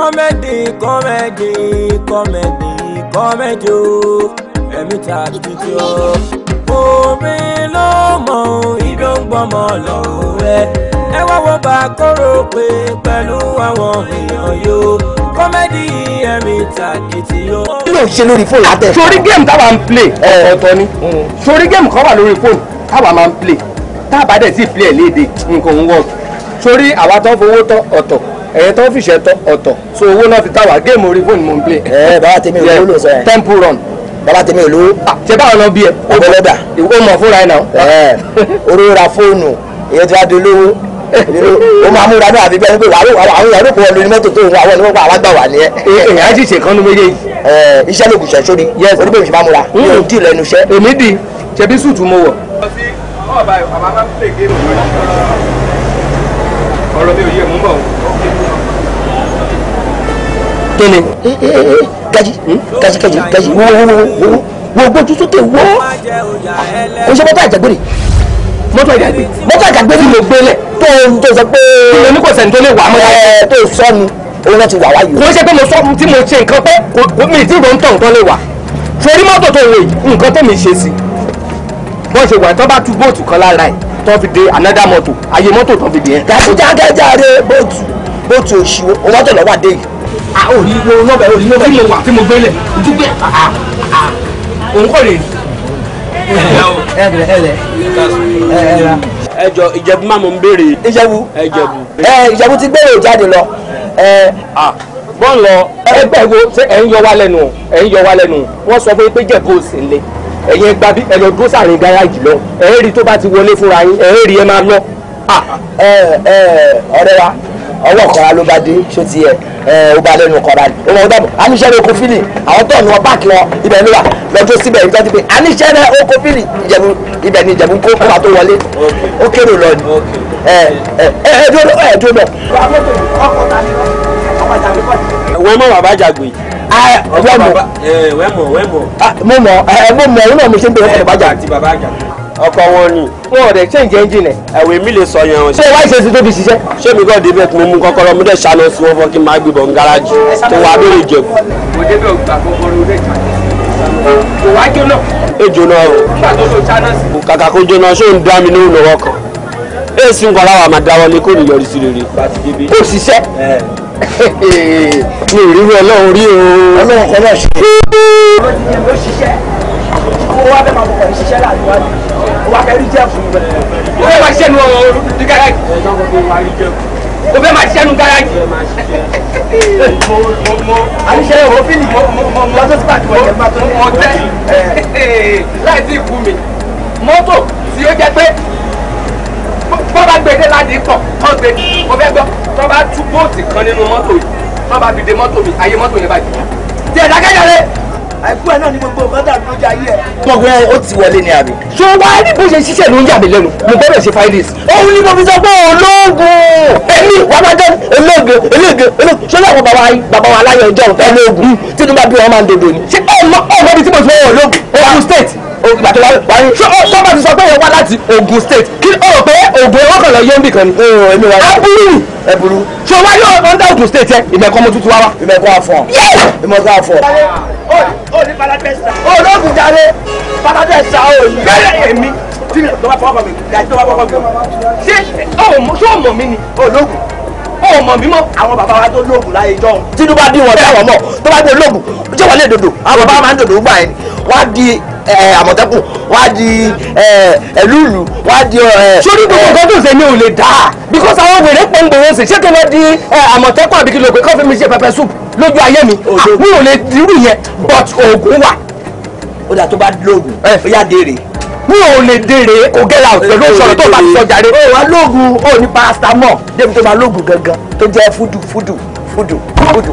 Comedy, comedy, comedy, comedy. o ẹ̀mí ta títí o. omi ló mọ ibi ó ń gbọmọ lọ́wọ́ rẹ ẹ wá wọ́n bá kóró pé pẹ̀lú àwọn èèyàn yóò kọ́mẹ́dì ẹ̀mí tàkìtì yó. kí ló ń ṣe lórí fóònù àtẹ. sórí géèmù táwa ń play ọ̀tọ̀ ni sórí géèmù kan wà lórí fóònù táwa máa ń play táwa bá dẹ̀ sí play léde nǹkan ń wọ̀ sórí àwa tó fowó tọ́ ọ̀tọ̀ ẹ̀yẹ tó fìṣẹ́ ọ̀tọ̀ so owó náà fi táwa géèmù orí fóònù mò ń play. ẹ bàbá tèmi olówó ló sọ yẹn. temple run. bàbá tèmi olówó. Ah, ṣé báwo lọ bí ẹ. ọ̀bọ̀lọ́dà. ìwé mọ̀ fúnra ẹ̀ náà. ẹ orí ra fóònù ìyẹn ti wá di olówó o máa múra náà àbí bẹ́ẹ̀ ni pé àwọn yàrá kò wọ́n lórí mọ́tò tó ń wá àwọn ẹni wọ́n pa àwọn àgbà wà ní ẹ. èèyàn á sì ṣe kánú méjèèjì. iṣẹ́ ló gùsẹ̀ sórí orí bèbè ṣe máa múra mi ò hmm. dì lẹ́nu iṣẹ́. èmi dì ṣebí sùtù mo wọ̀. ọ̀rọ̀ mi ò yẹ mú bọ̀ o kíni eh, eh, eh, gaji hmm? gaji gaji gaji wo wo wo wo wo gbó tuntun tẹ wọ́ o ṣe mọ́tò àjàgbére mọ́tò àjàgbére mọ́tò àjàgbére ló gbélé tó tó sọ pé ìlú kò sẹ́ni tó lè wà mọ́ ẹ tó sọnù òun náà ti wà wáyé. kò ṣe pé mo sọ tí mo ṣe nǹkan pé kò mi ti rò ń tọ̀ nǹkan lè wà torí mọ́tò tó wò yìí nǹkan tẹ̀mí ṣe sí wọ́n ṣe wà tó bá tu bóòtù kan lára ẹ̀ tó fi de another mọ́tò àyè mọ́tò tó fi dè ẹ́. gàdújà gàdújà rẹ bóòtù bóòtù òṣì owótò lọ́wọ́ àdé yìí. a ah, ò ní wo nọ́ọ̀bẹ̀ ò ní nọ́ọ̀bẹ̀ tí mo wà tí mo gbélé ojú pé ah, ah, òun kò lè. ẹ ẹ ẹ lẹ ẹ ẹ ẹ jọ ìjẹ̀bú máa mọ̀ ń béèrè. ìjẹ̀bú ìjẹ̀bú. ẹ ìjẹ̀bú ti gbèrè jáde lọ. ẹ à bọ́ọ̀n lọ ẹgbẹ́ wo ṣé ẹ̀ ń yọ wá lẹ́nu ẹ̀ ń yọ wá lẹ́nu wọ́n sọ fún yín pé jẹ̀bú ò sí ilé ẹ̀yin gba bí ẹ̀yọ dúró sàrin gáràjì lọ ẹ̀ ń rí tó bá ti wọlé fúnra yín ẹ̀ ń rí ẹ máa lọ. ọ̀rẹ́ wa ọwọ́ kọ́ra ló bá dé ṣó ti yẹ ẹ ó bá lẹ́nu kọ́ra ni ó mọ̀ ọ́dọ̀ aníṣẹ́ rẹ̀ oko fílì àwọn tó ọ̀nà báàkì wọn ibẹ̀ ló wà lọ́jọ́ síbẹ̀ ìjọ ti pé aníṣẹ́ rẹ̀ oko fílì ìjẹ̀bú ibẹ̀ ni ìjẹ̀bú kó kọ́ra tó wọlé ó kéré lọ ni ẹ ẹ ẹ ẹ dúró bẹ̀. wọ́n mọ̀ bàbá jàgbé mo mọ̀ mo mọ̀ òun náà mo ṣe ọkọ wọn ni. wọn ò dẹ ṣé ǹjẹ́ ẹ́ńjìn ẹ̀. ẹ̀wẹ̀ mi lè sọ yẹn o. ṣé wáyé ṣe ti tóbi ṣiṣẹ́. ṣé mi kàn débẹ̀ mo mú kọ́kọ́rọ́ mi dẹ̀ ṣáná sí wọn fọ́ kí n máa gbé bọ̀ ń gáràjì tó wà lórí ìjẹ̀bù. mo débẹ̀ ògbà kọ́kọ́rọ́ rẹ̀ jà kò wá jóná. ẹ o. nígbà tó ṣáná sí. kàkà kó jóná ṣé ń dá mi lóhùn lọ́wọ́ kan èsì ń kọ́lá wa máa dáwọ́ lé kó nìyọrí sí rere kó ṣiṣẹ́ mi ò ríru ọlọ́run rí o. ọlọ́run kọ́ náà ṣe. ó ṣiṣẹ́ kó wá bẹ́ẹ̀ máa bọ̀ ṣiṣẹ́ láàrin wájú wá fẹ́ rí jẹ́ fún mi. o fẹ́ máa ṣẹ́nu ní gáràjì. o fẹ́ máa ṣẹ́nu gáràjì. àníṣe o fílì mo tó ti pàtó ọ̀jẹ̀ máa tó ní. mo tẹ́ láì sí ikú mi mọ́tò tí ó jẹ́ pé bọ́ bá gbèdé láti pọ̀ tọ́ gbé mo fẹ́ gbọ́ tọ́ bá tú bóòtù kan nínú mọ́tò yìí tọ́ bá fi de mọ́tò mi ayé mọ́tò yẹn bàjẹ́. tiẹ̀ dákẹ́jọ́ àìkú ẹ náà ni gbogbo nǹkan dàbí lójú ayé ẹ. gbogbo ẹ ó ti wọlé ní àbí. ṣó wá ní bó ṣe ṣiṣẹ́ ló ń yà mí lẹ́nu mo gbọ́dọ̀ ṣe fáìlì. òun ni mo fi sọ pé olóògùn èmi wàbájẹ olóògùn olóògùn olóògùn ṣó láwọn bàbá bàbá wa láyọ̀ ìjọ olóògùn tí inú bá bí wọn máa ń dodo ni. ṣé ọmọ ọmọ bíi tí mo ti fọwọ́ olóògùn ogun state ìgbà tó wáyé sọ́kà ti sọ pé ìyẹn wá láti Ogun State kí o rò pé ogun ẹ̀wọ́n kan lọ yé nbì kan ni. èmi wà á burú ẹ burú. ṣé o wáyé ọ̀dà Ogun State yẹ ìmẹ̀kọ́ mo tuntun wá wá. ìmẹ̀kọ́ àfọ̀ ìmọ̀kọ́ àfọ̀. o ní palatẹ́sà. o ní ogun jáde palatẹ́sà o ní. bẹ́ẹ̀ èmi tí mi lọ́wọ́ fọwọ́ mi gàdí tó wá fọwọ́ mi. ṣé o mọ̀ mí ni ológun ó mọ̀ mímọ́ àwọn bàbá wa tó lóògùn láyé jọ. tinubu bá dín wọn dáwọ̀ mọ̀ tó bá gbé lóògùn jẹ́wọ́ lè dòdò àwọn bàbá máa ń dòdò gbà yẹn wá di àmọ̀tẹ́kùn wá di ẹ̀lúùlù wá di. sórí gbogbo nǹkan tó ṣe ni ò lè dá because àwọn wèrè pọ̀ngbòrò ṣe ṣé kí wọ́n di àmọ̀tẹ́kùn àbí kí ló pé kọ́fí mi ṣe pẹpẹ soup lójú ayé mi ah, mi ò lè dirú yẹn but oògùn wà. ó dà tó bá lóògùn ó yá dèrè mi ò lè dèrè kò get out pẹ̀lú ìṣòro tó bá ti sọ jàre. ó wá lóògùn ó ní paracetamol débi tó máa lóògùn gangan tó jẹ́ fúdù fúdù fúdù fúdù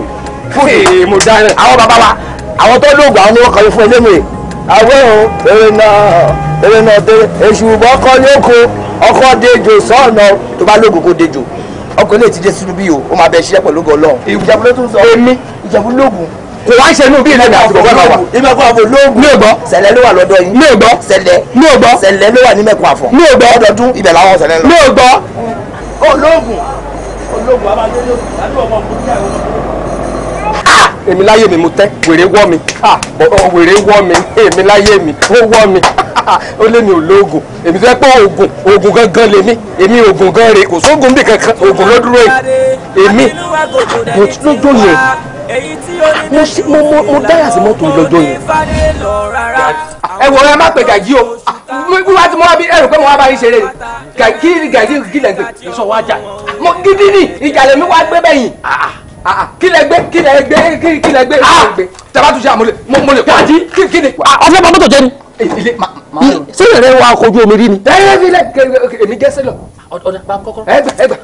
fúdù. mo dáná. àwọn bàbá wa àwọn tó lóògùn àwọn ni wọ́n kọ́ àwẹ̀ o èrè náà èrè náà dé èṣù ọkọ lóko ọkọ dejò sọ̀nà tó bá lóògùn kó dejò ọkọ ilé ti dé sínú bí o ó máa bẹ ṣiṣẹ́ pẹ̀lú ọlọ́run ìjẹ̀bú ló tún sọ èmi ìjẹ̀bú lóògùn kò wá ṣe inú bí ilẹ̀ ìgbà àtúgbò bá wà. ìmẹ̀kọ àfọ̀ lóògùn. mi ò gbọ́. sẹ̀lẹ̀ ló wà lọ́dọ̀ yìí. mi ò gbọ́. sẹ̀lẹ̀. mi ò gbọ́. sẹ̀lẹ̀ ló wà ní mẹ̀kọ àfọ̀. mi ò ọdọọdún ibẹ̀ làwọn sẹ̀lẹ̀ lọ. mi ò gbọ́. olóògùn olóògùn a máa dé lóògùn èmi láyé mi mo tẹ́ wèrè wọ́ mi wèrè wọ́ mi èmi láyé mi ó wọ́ mi ó lé mi ò lóògùn èmi fẹ́ pọ́ oògùn oògùn gangan lèmi èmi oògùn gan re kò sóògùn bí kankan oògùn ló dúró èmi mo lójó yẹn mo ṣe mo mo mo dáyà sí mọ́tò lọ́jọ́ yẹn. ẹ wọ ẹ má pè gàjí o wíwá tí mo wá bí ẹrù pé mo wá bá yín ṣeré gàjí gàjí gílẹ̀ gbé ìṣọwọ́ ajá mo gidi ni ìjàlẹ̀ mi wá gbé bẹ́yìn. Ah, ah, kí lẹ gbé kí lẹ gbé kí lẹ gbé. Ah, tẹ́lá tún ṣe àmúlẹ̀ mo lè. gaji kí ni. ọfẹ bá mọ́tò jẹ ni. ṣé ìrẹ̀rẹ̀ wa kojú omi rí ni. ẹ̀rẹ́ mi lẹ èmi jẹ́ sílọ̀ ọ̀dà bá kọ́kọ́rọ́. ẹgbà ẹgbà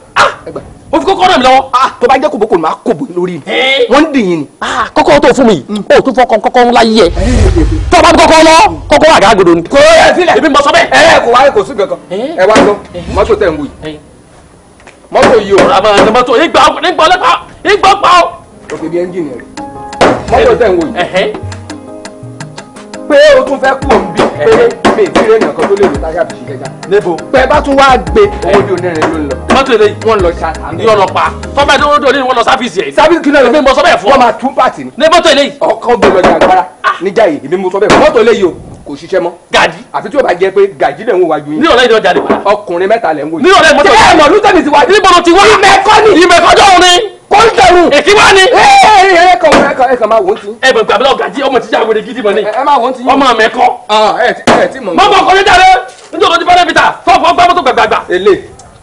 ẹgbà mo fi kọ́kọ́rọ́ mi lọ́wọ́. tó bá jẹ́ kò bókò ní máa kò bó lórí ni. wọ́n ń dì yín ni. kọ́kọ́rọ́ tó fún mi yìí mm. o tún fọkàn kọ́kọ́rọ́ ńlá yìí ẹ. tó bá kọ́kọ́rọ́ lọ kọ́kọ́rọ́ àgágòdò ni. kò yẹ sílẹ̀. ibi mọ̀ sọ́bẹ̀. ẹ kò wá kò sí kankan. ẹ wá lọ mọ́tò tẹ̀ ń wù yìí mọ́tò yìí o. àmọ́ àti mọ́tò ìgbà ìgbà ọlọ́pàá ìgbà ọ̀pá o. òkè bíi ẹ́ńjìnì rẹ̀ mọ́tò tẹ̀ ń wò yìí. pé o tún fẹ́ kú òun bíi péré mi ti rẹ̀ nìkan tó lè lò táyà bìí kẹjá. níbo. pé bá tún wá gbé owó di onírin ló ń lọ. mọ́tò èlé wọ́n lọ ṣá. ní ọlọ́pàá tọ́ba tó dòní wọ́n lọ sáfìsì ẹ̀. sáfìsì kìlọ̀ èmi mo sọ bẹ́ẹ̀ fún. wọ́n máa tún pàtì ni. ní mọ́tò èlé yìí. ọkọ̀ gbẹ̀rọ̀ ní agbára ah. níjà yìí èmi mo sọ bẹ́ẹ̀ fún. mọ́tò èlé yìí o kò ṣiṣẹ́ mọ́. gàjí. àfi tí o bá jẹ pé gàjí lè ń wo wájú yín. ní ọ̀la ìdí ọjà lè wá. ọkùnrin mẹ́ta lè ń wo. ní ọ̀la ìmọ̀tò. ṣé ẹ̀mọ̀ lútọ́ mi ti wá. níbo ló ti wá. ìmẹ̀kọ́ ni. ìmẹ̀kọ́ jọ̀ọ́ ni. kó ń tẹ̀rù. èkí wá ni. ẹ kàn máa wò ó ti. ẹ bẹ̀rù pàbílà gàjí ọmọ ti jáwèrè gidi mọ̀ ni. ẹ máa wò ó ti. ọmọ mẹ́kọ́. ẹ ti mọ̀. mọ́mọ́ kọ́ni dáre nítorí ti bẹ́rẹ̀ bìtà fọ́fọ́ gbámọ́tò gbàgbàgbà. èlé.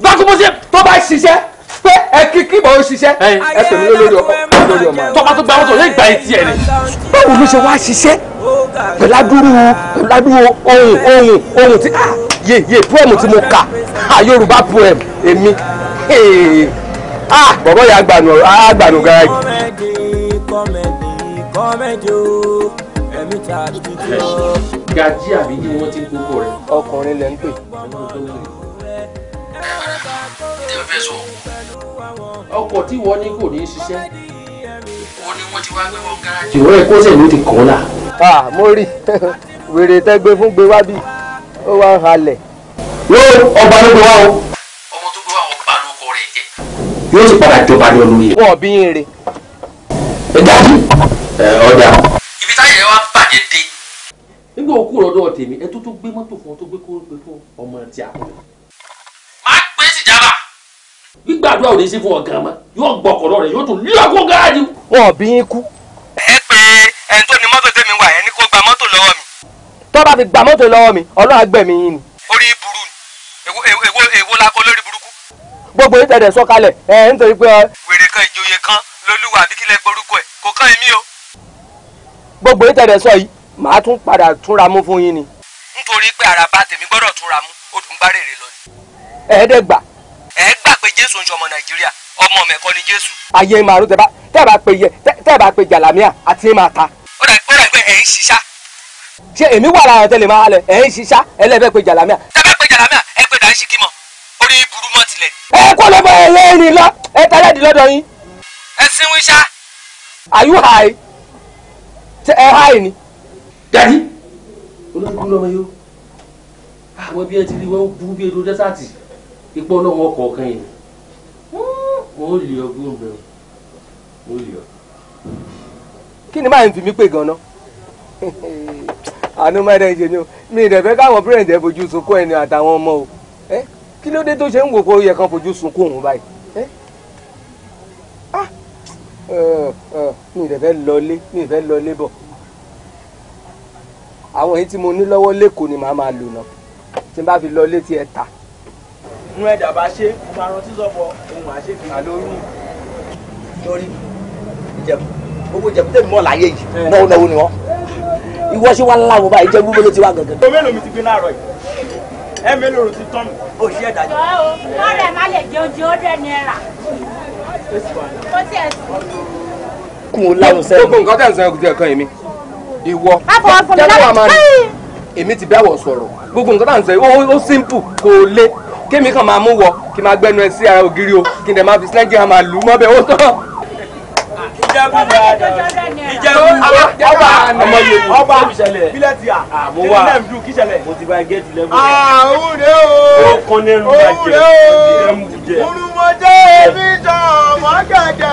gbàkúmọ́sẹ́. tó bá ṣiṣẹ́ pé ẹ kí kí bọ̀ ó ṣiṣẹ́ ẹ pè mí lórí ọkọ̀ lórí ọmọ. tọ́ba tó gbàmọ́tò yóò gba etí ẹ̀ ni. báwo ló ṣe wá ṣiṣẹ́ pẹ̀ládúró pẹ̀ládúró ohun ohun ohun tí ah ye ye poem tí mo kà ah Yorùbá poem èmi ah bọ̀bọ̀ yà àgbànú àgbànú garaajì. gàjí àbí kí wọ́n ti ń kókó rẹ̀. ọkùnrin lẹ ń pè. ọkọ̀ tí wọ́n ní kò ní í ṣiṣẹ́. ó ní wọ́n wá wọn ló ti kọ́ la. a mo rí wèrè fún gbé wábì ó wá ń yóò ọba ló gbé wá o. ọmọ tó gbé wá jẹ. yóò sì padà jọba ní wọn bí re. ẹ dájú ẹ ọjà. ibi táyà ẹ wá bàjẹ́ dé. nígbà òkú ẹ tó tó gbé mọ́tò fún ọmọ tí a gbígbàdúrà ò lè ṣe fún ọ̀gá mọ́ yóò gbọ́kọ̀rọ̀ rẹ̀ yóò tún lé ọkọ̀ gáàjì. wọn bí yín kú. ẹ pé ẹni tó ní mọ́tò tèmi wà ẹni kó gba mọ́tò lọ́wọ́ mi. tó bá fi gba mọ́tò lọ́wọ́ mi ọlọ́run agbẹ̀mí yín ni. orí burú ni èwo èwo èwo la kọ lórí burúkú. gbogbo yìí tẹ̀lé sọ́kalẹ̀ ẹ nítorí pé. wèrè kan ìjòyè kan lolúwa àbíkílẹ̀ gborúkọ ẹ̀ kò kán èmi o. gbogbo yìí tẹ̀lé sọ yìí màá tún padà túnra mú fún yín ni. nítorí pé àràbà tèmi gbọ́dọ̀ túnra mú ó lọ ni. ẹ̀ẹ́dẹ́gbà gbà pé jésù ń ṣọmọ nàìjíríà ọmọ mẹ́kọ ni jésù. ayé ń marun tẹ́bà tẹ́bà pe yẹ tẹ́bà pe jàlámíà àti ń máa ta. ó dà ó dà pé ẹ̀ ń ṣiṣá. ṣé èmi wà lára tẹ́lẹ̀ máa lẹ̀ ẹ̀ ń ṣiṣá ẹlẹ́bẹ̀ pe jàlámíà. tẹ́bà pe jàlámíà ẹ pé dàá ń ṣìkì mọ̀ orí burú mọ́ tilẹ̀. ẹ kó lè bọ ẹyẹ ìrìn lọ ẹ tẹ́lẹ̀ dì lọ́dọ̀ are you high? ṣe ẹ háì ni. dadi olórí kúlọ̀ ọmọ yìí bí ẹ ti rí wọn burú bí edo dẹ́sàtì ipò náà wọn kọ ọkàn yìí wọn ò lè ọgbọ́n bẹ̀rù wọn ò lè ọ. kí ni báyìí ń fi mí pè gan-an àánú máa dẹ́yìn ṣe ni o mi ìdẹ̀fẹ́ káwọn pírẹ̀ǹtì ẹ̀ fojú sunkún ẹni àtàwọn ọmọ o kí ló dé tó ṣe ń wò kó yẹ kan fojú sunkún òun báyìí ah, mi ìdẹ̀fẹ́ lọlé mi ìfẹ́ lọlé bọ̀ àwọn èyí tí mo ní lọ́wọ́ lẹ́kọ̀ọ́ ni màá máa lò náà tí n bá fi lọlé tí ẹ ta nu ẹ̀dá bá ṣe mo máa rántí sọ̀fọ̀ ohun àṣekì àlórí lórí ìjẹ̀bú gbogbo ìjẹ̀bú tèmi mọ̀ láyé yìí náwó eh. náwó ni wọ́n ìwọ ṣe wá láwo báyìí jẹ́ gbogbo ló ti wá gangan. omi èlò mi ti gbé láàárọ̀ yìí ẹ mélòó ló ti tán mi. o ṣí ẹ̀dá jù. ọ̀rẹ́ má lè jẹ oúnjẹ ó dẹ̀ náírà. ó tiẹ̀ sùn. kún un láwọn sẹ́yìn. gbogbo nǹkan tẹ̀ ń sọ ẹ̀kútẹ́ ẹ̀kan èmi ìwọ tẹ́lẹ̀ wà máa ní èmi ti bẹ́ẹ̀ wọ̀ sọ̀rọ̀ gbogbo nǹkan tẹ̀ ń sọ ó simple kò le kémi kan máa mú wọ kí n máa gbẹnu ẹ sí ara ògiri o kí n dẹ̀ máa fi sílẹ̀ jẹ́ máa lù ú mọ́bẹ̀ ó tán. ìjẹ́bù ìjẹ́bù ọba ọmọ yìí ọba bílẹ̀tì àmọ́ ah, mo ti bá ẹ gẹ́tì lẹ́mú. àwọn òde o òde o olùmọ̀jẹ́ mi jọ ọmọ gàgà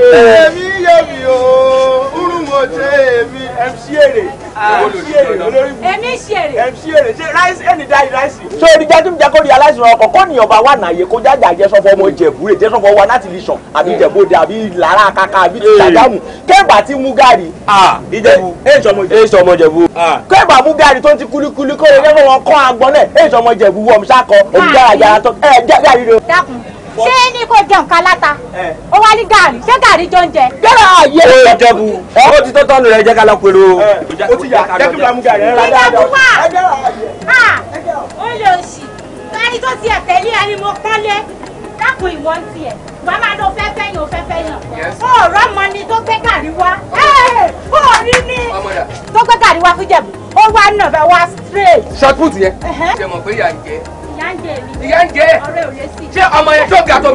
eh. èmi yẹ mi o mo ṣe èmi MC èrè ah. MC èrè olórí mi èmi ṣe èrè MC èrè ṣe ráìsì ẹni dá ìráìsì. so èrè jẹ́ tún jákòrí aláìsàn ọkọ̀ kó nìyàn bá wà náyè kó jájà jẹ́sọ́fọ́ ọmọ ìjẹ̀bú rè jẹ́sọ́fọ́ wa láti lè sàn àbí hmm. ìjẹ̀bóde àbí ìlara kaka àbí ìtàjámù kẹ́ẹ̀bà ti mú gàrí. Ah, ìjẹ̀bú èso ọmọ ìjẹ̀bú. Ah. kẹ́ẹ̀bà mú gàrí tó ti kulikuli kó o yẹ kó wọn kọ́ àgbọn náà èso ọmọ ìjẹ̀bú wọ̀mùsákọ̀ òmùjára yàrá tó ẹ̀ ṣé ní kò jẹ nǹkan aláta ó wá ní gàrí ṣé gàrí jọ ń jẹ. gbẹ́rẹ̀ ààyè ó jẹ́bu ó ti tọ́tọ́ nù rẹ̀ jẹ́ ká lọ pèrò ó ti yà jẹ́ kí n bá mú gàrí rẹ̀ dáadáa. ìjọba wà á ó lè ṣì ẹni tó ti ẹ̀tẹ̀lé ẹni mo pọ́nlé dákun ìwọ ń tiẹ̀ wàá máa lọ fẹ́fẹ́ yàn fẹ́fẹ́ yàn ó rọ́ mọ ni tó gbé gàrí wá ó rí ní tó gbé gàrí wá fún jẹ̀bù ó wá nà bá wá straight. ṣàkùtì yẹn. ṣe mọ̀ pé yà ń jẹ́ gé mi. ìyá ń gé ẹ. ọ̀rẹ́ ò lè sí. ṣé ọmọ yẹn tó ga tó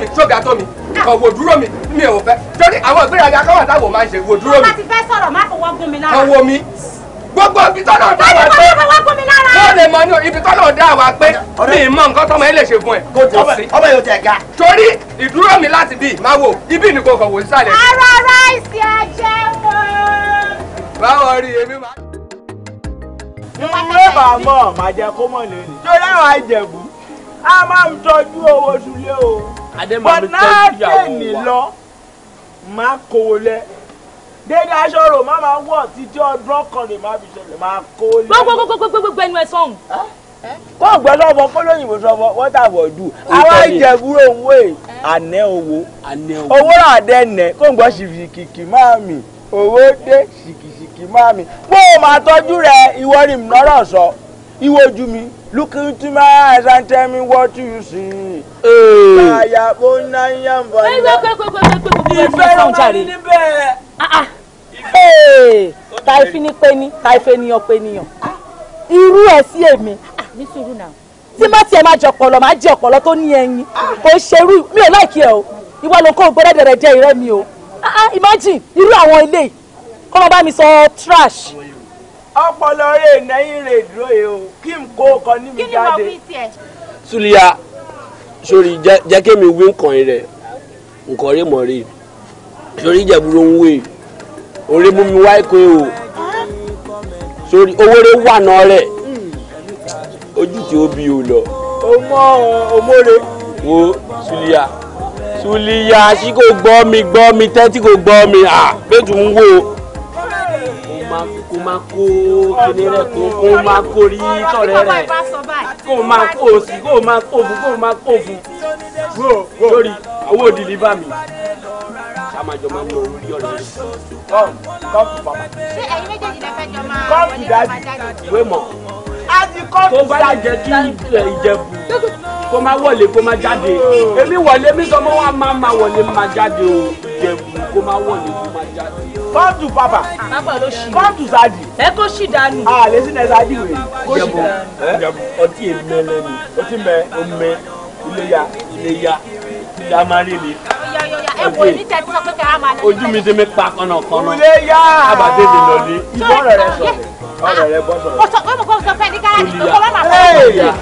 mi tó ah. dúró mi mi ò fẹ́ torí àwọn ìgbéraga káwọn táwọn máa ń ṣe wò dúró mi. wọ́n ti fẹ́ sọ̀rọ̀ má fọwọ́ gún mi lára. kò wò gbogbo ibi tọ́lọ̀ dá wa pé wọ́n mọ ní ibi tọ́lọ̀ dá wa pé mi mọ nǹkan tọ́mọ yẹn lè ṣe fún ẹ ọmọ yóò jẹ ga. torí ìdúró mi láti bì máa wò ibi ni kò kàn wò sísàlẹ̀. ara ara ìsì báwo rí èmi máa. ilé bàmọ́ màá jẹ kó mọ̀ lónìí. tó dáhùn àjẹ̀bù a máa ń tọ́jú owó sulé o but náà tèmi lọ máa kówó lẹ dédé aṣọ rò má máa wọ̀ títí ọdún kan lè má fi ṣẹlẹ̀ máa kówó lẹ. gbogbogbogbogbogbo ẹnu ẹ sọhùn. kó gbọ́ sọ́bọ̀ kó lóyìnbó sọ́bọ̀ wọ́tà bọ̀ dù àwa ìjẹ̀búrò òun èè ànẹ́ owó owó rà dẹ́nẹ̀ kó gbọ́ ṣìkìkì máa mì owó dé ṣìkìṣìkì máa mì bó o máa tọ́jú rẹ ìwọ ni mìíràn sọ ìwọ ojú mi look into my eyes and tell me what you see. àyà ó ná yá ń bọ̀ ní. ìfẹ́ ló máa ní níbẹ̀. Ah, ah. tàìfì ni pé ní tàìfì ènìyàn pé ènìyàn irú ẹ̀ sí èmi. Ah, ní sùúrù náà. tí má tiẹ̀ máa jẹ ọ̀pọ̀lọ́ máa jẹ ọ̀pọ̀lọ́ tó ní ẹyin kò ṣerú mi ò láìkí ẹ o ìwọ ló kó gbọ́dọ̀ dẹ̀rẹ̀ jẹ ìrẹ́ mi o imagine irú àwọn ilé kọ́ máa bá mi sọ trash ọpọlọ rẹ nẹyìn rẹ dúró yìí o kí n kó ọkọ ní mi jáde. suliya sori jẹ kí mi wí nǹkan rẹ nǹkan rẹ mọ rẹ sori ìjẹ̀búrò ń wé orí mú mi wá ìkó o sori owó wà náà rẹ ojú tí ó bí o lọ. ọmọ ọmọre. wo suliya suliya sí kò gbọ́ mi gbọ́ mi tẹ́tí kò gbọ́ mi à bẹ́ẹ̀ tún ń wò ó kó máa kó kíní rẹ kó kó máa kó rí tọ̀rẹ́ rẹ kó máa kó sí kó máa kó fún kó máa kó fún lórí owó òdìlí bá mi àmàjọ máa ń lọ orí ọ̀rẹ́ rẹ. kọ́ọ̀pù bàbá. ṣé ẹ̀yin méjèèjì lẹ́fẹ̀ẹ́ jọ máa wọlé àbájáde. ìwé mọ̀ tó bá lè jẹ́ kí ìjẹ̀bù kó má wọlé kó má jáde èmi wọlé mi sọ mọ́ wá má má wọlé má jáde o ìjẹ̀bù kó má wọlé kó má jáde come to papa come to sadi. ẹ kó sì dání. a lè sinẹ sadi wèé. kó sì dání. ọtí èmi ẹlẹ́nu ọtí mẹ omi iléya iléya ìyá máa rí mi. ẹ wo ní tẹ́tí sọ pé kí máa lọ. ojú mi ti mi pa kọ́nàkọ́nà. iléya àbàdé mi lọ ní. ìbọn rẹ̀ rẹ̀ sọ̀rọ̀ ọ̀rọ̀ rẹ̀ bọ́ sọ̀rọ̀. mo sọ pé mo kọ́ sọ fẹ́ẹ́ ní gáràjì tó kọ́ bá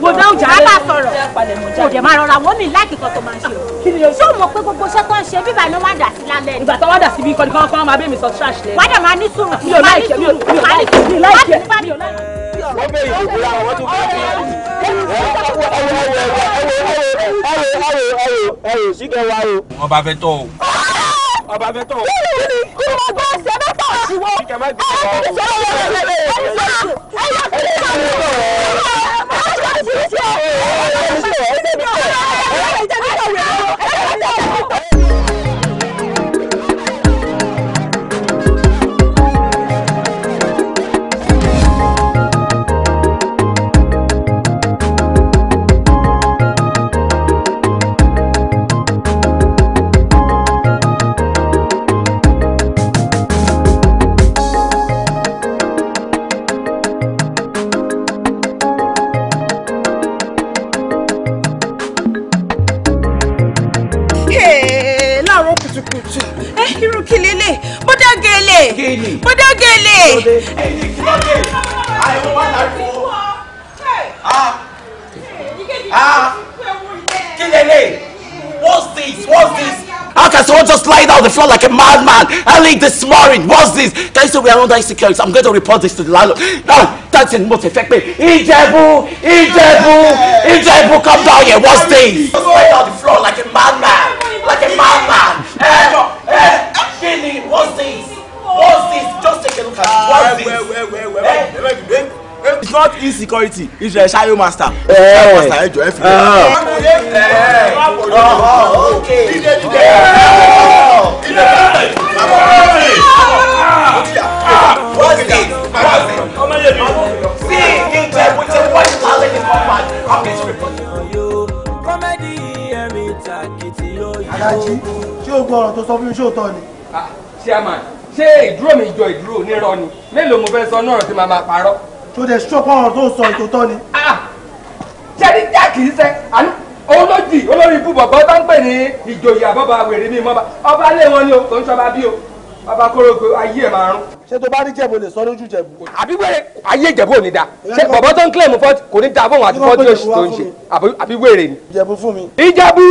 wo bẹ́ẹ̀ òjà bá sọ̀rọ̀ kò dẹ̀ máa rọra wọ́n mi láìkí kan tó máa ṣe o ṣé o mọ̀ pé gbogbo iṣẹ́ tó ń ṣe bíbá ni wọ́n á dà sí lálẹ́ ni. ìgbà tó wá dà sí bí kọ́ni kọ́ni kọ́ni máa bẹ́ mi sọ trash lẹ́nu. wádà máa ní sùúrù mi ò láìkẹ́ mi ò láìkẹ́ mi ò láìkẹ́ mi ò láìkẹ́. wọ́n bẹ̀rẹ̀ ìgbéra àwọn wọn tún fi fi wọ́n bá fẹ́ tọ́ o. ọba fẹ́ tọ́ o. kí ni mo gbọ́ ṣe bẹ́ẹ̀ tọ̀ sí wọ́n. ẹ ẹ ti sọ̀rọ̀ ẹ ẹ ti sọ̀rọ̀ ẹ ẹ ti sọ̀rọ̀ ẹ ẹ ti sọ̀rọ̀ sí sí ọ̀rọ̀ ẹ̀ ẹ eh, irú kí lélẹ̀ bọ́dá gèlè bọ́dá gèlè. ẹyin kí ló dé àìwọ́n bá dà kú. Ah. Ah. kí lélẹ̀ what's this what's this. How can someone just lie down on the floor like a madman early this morning? What's this? Can you say we are under security? I'm going to report this to the landlord. Now, that's in most effect. Ijebu! Ijebu! Ijebu, come down here. What's this? Just lie down on the floor like a madman. Like a madman. Kenny, what's this? What's this? Just take a look at it. What's ah, this? Where, where, where, where, where? It's not insecurity, it's your shadow master. Eh. Shadow master, okay. ẹ jọ̀ọ́ ẹ fi ah. ah. Alájí ṣé o gbọ́ ọ̀rọ̀ tó sọ fún mi ṣé o tọ́ ni. Ah, chairman ṣé ìdúró mi jọ ìdúró onírọ́ ni mélòó mo fẹ́ sọ náà tí màá máa parọ́. tó dẹ̀ ṣọ́pọ̀ ọ̀rọ̀ tó sọ ìtòtọ́ ni. ṣẹ́ni jákì ń sẹ́ àní òun ló dì olórí ibú bọ̀bọ̀ tó ń pè ní ìjòyè àbọ̀bà wèrè mi mọ́ba ọba lé wọn ni o kò ń ṣọba bí o bàbá kórógbó ayé ẹ̀ máa rún. ṣé tó bá rí jẹ̀bù lè sọ lójú jẹ̀bù. àbí wèrè ayé ìjẹ̀bù ò ní da ṣé bọ̀bọ̀ tó ń kílẹ̀ mú fọ́ọ̀tì kò ní da fóun àti fọ́ọ̀tì oṣù tó ń ṣe àbí ni. ìjẹ̀bù fún mi. ìjẹ̀bù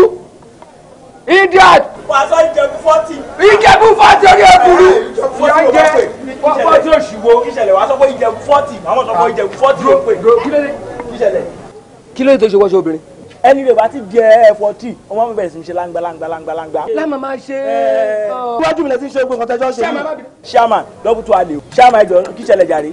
idiot. wàásù ìjẹ̀bú fọ́tì. ìjẹ̀bú fọ́tì orí ẹ̀kúrú. ìjẹ̀bú fọ́tì òṣìwò. ìṣẹ̀lẹ̀ wàá sọ pé ìjẹ̀bú fọ́tì àwọn sọ pé ah, ìjẹ̀bú fọ́tì ló pè. kí ló dé tó ṣe wọ́ṣọ obìnrin. ẹni rẹ̀ bá ti jẹ ẹ̀fọ́ tí ọmọ mi bẹ̀rẹ̀ sí ṣe láǹgbà láǹgbà láǹgbà láǹgbà. láàmà máa ṣe é. iwájú mi lẹ ti ń ṣe ogun kan tẹjọ́ ṣe yìí. ṣáàmà lọ́bù tó a lè o ṣáàmà ẹjọ́ kí ṣẹlẹ̀ jàre.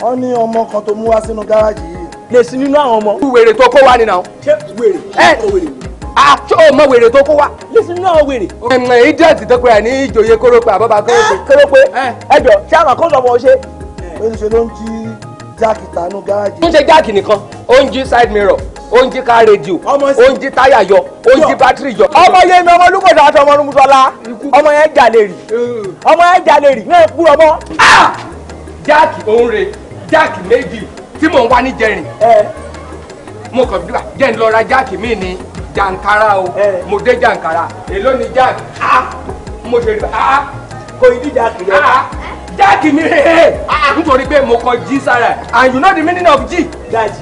wọ́n ní ọmọ kan tó mú wá sínú gáràjì yìí. lè sí nínú àwọn ọmọ. wèrè tó kó wá nínú àwọn. ṣé wèrè. ẹ Ah, àti ọmọ wèrè tó kó wá lísìn náà wèrè. ẹ̀mọ̀ ìdẹ́ẹ̀tì eh, tó pera ní ìjòyè kórópè àbọ̀bà kórópè. Ah! kórópè eh. ẹjọ tí àwọn kan sọmọ ṣe. oṣù ló ń jí jáàkì tánú gáàjì. ń ṣe jáàkì nìkan ó ń jí side mirror ó ń jí ká rédíò ó ń jí táyà yọ ó ń jí bátìrì yọ. ọmọ yẹn ni ọmọ olúkọ̀dá àti ọmọ olúmúsọlá ọmọ yẹn jalè rì eh. ọmọ yẹn jalè rì náà kú ọmọ. Ah! jáàkì òun re jáàkì méjì tí mò ń wá ní jẹrin mo kàn bí wà jẹ́ ń lọ ra jáàkì míì ni jàǹkárá o mo dé jàǹkárá èló ni jack ah, mo ṣe rí ah kò ní jack yẹn ah, jack ni ah, nítorí pé mo kọ jí sára and you know the meaning of jí. gaji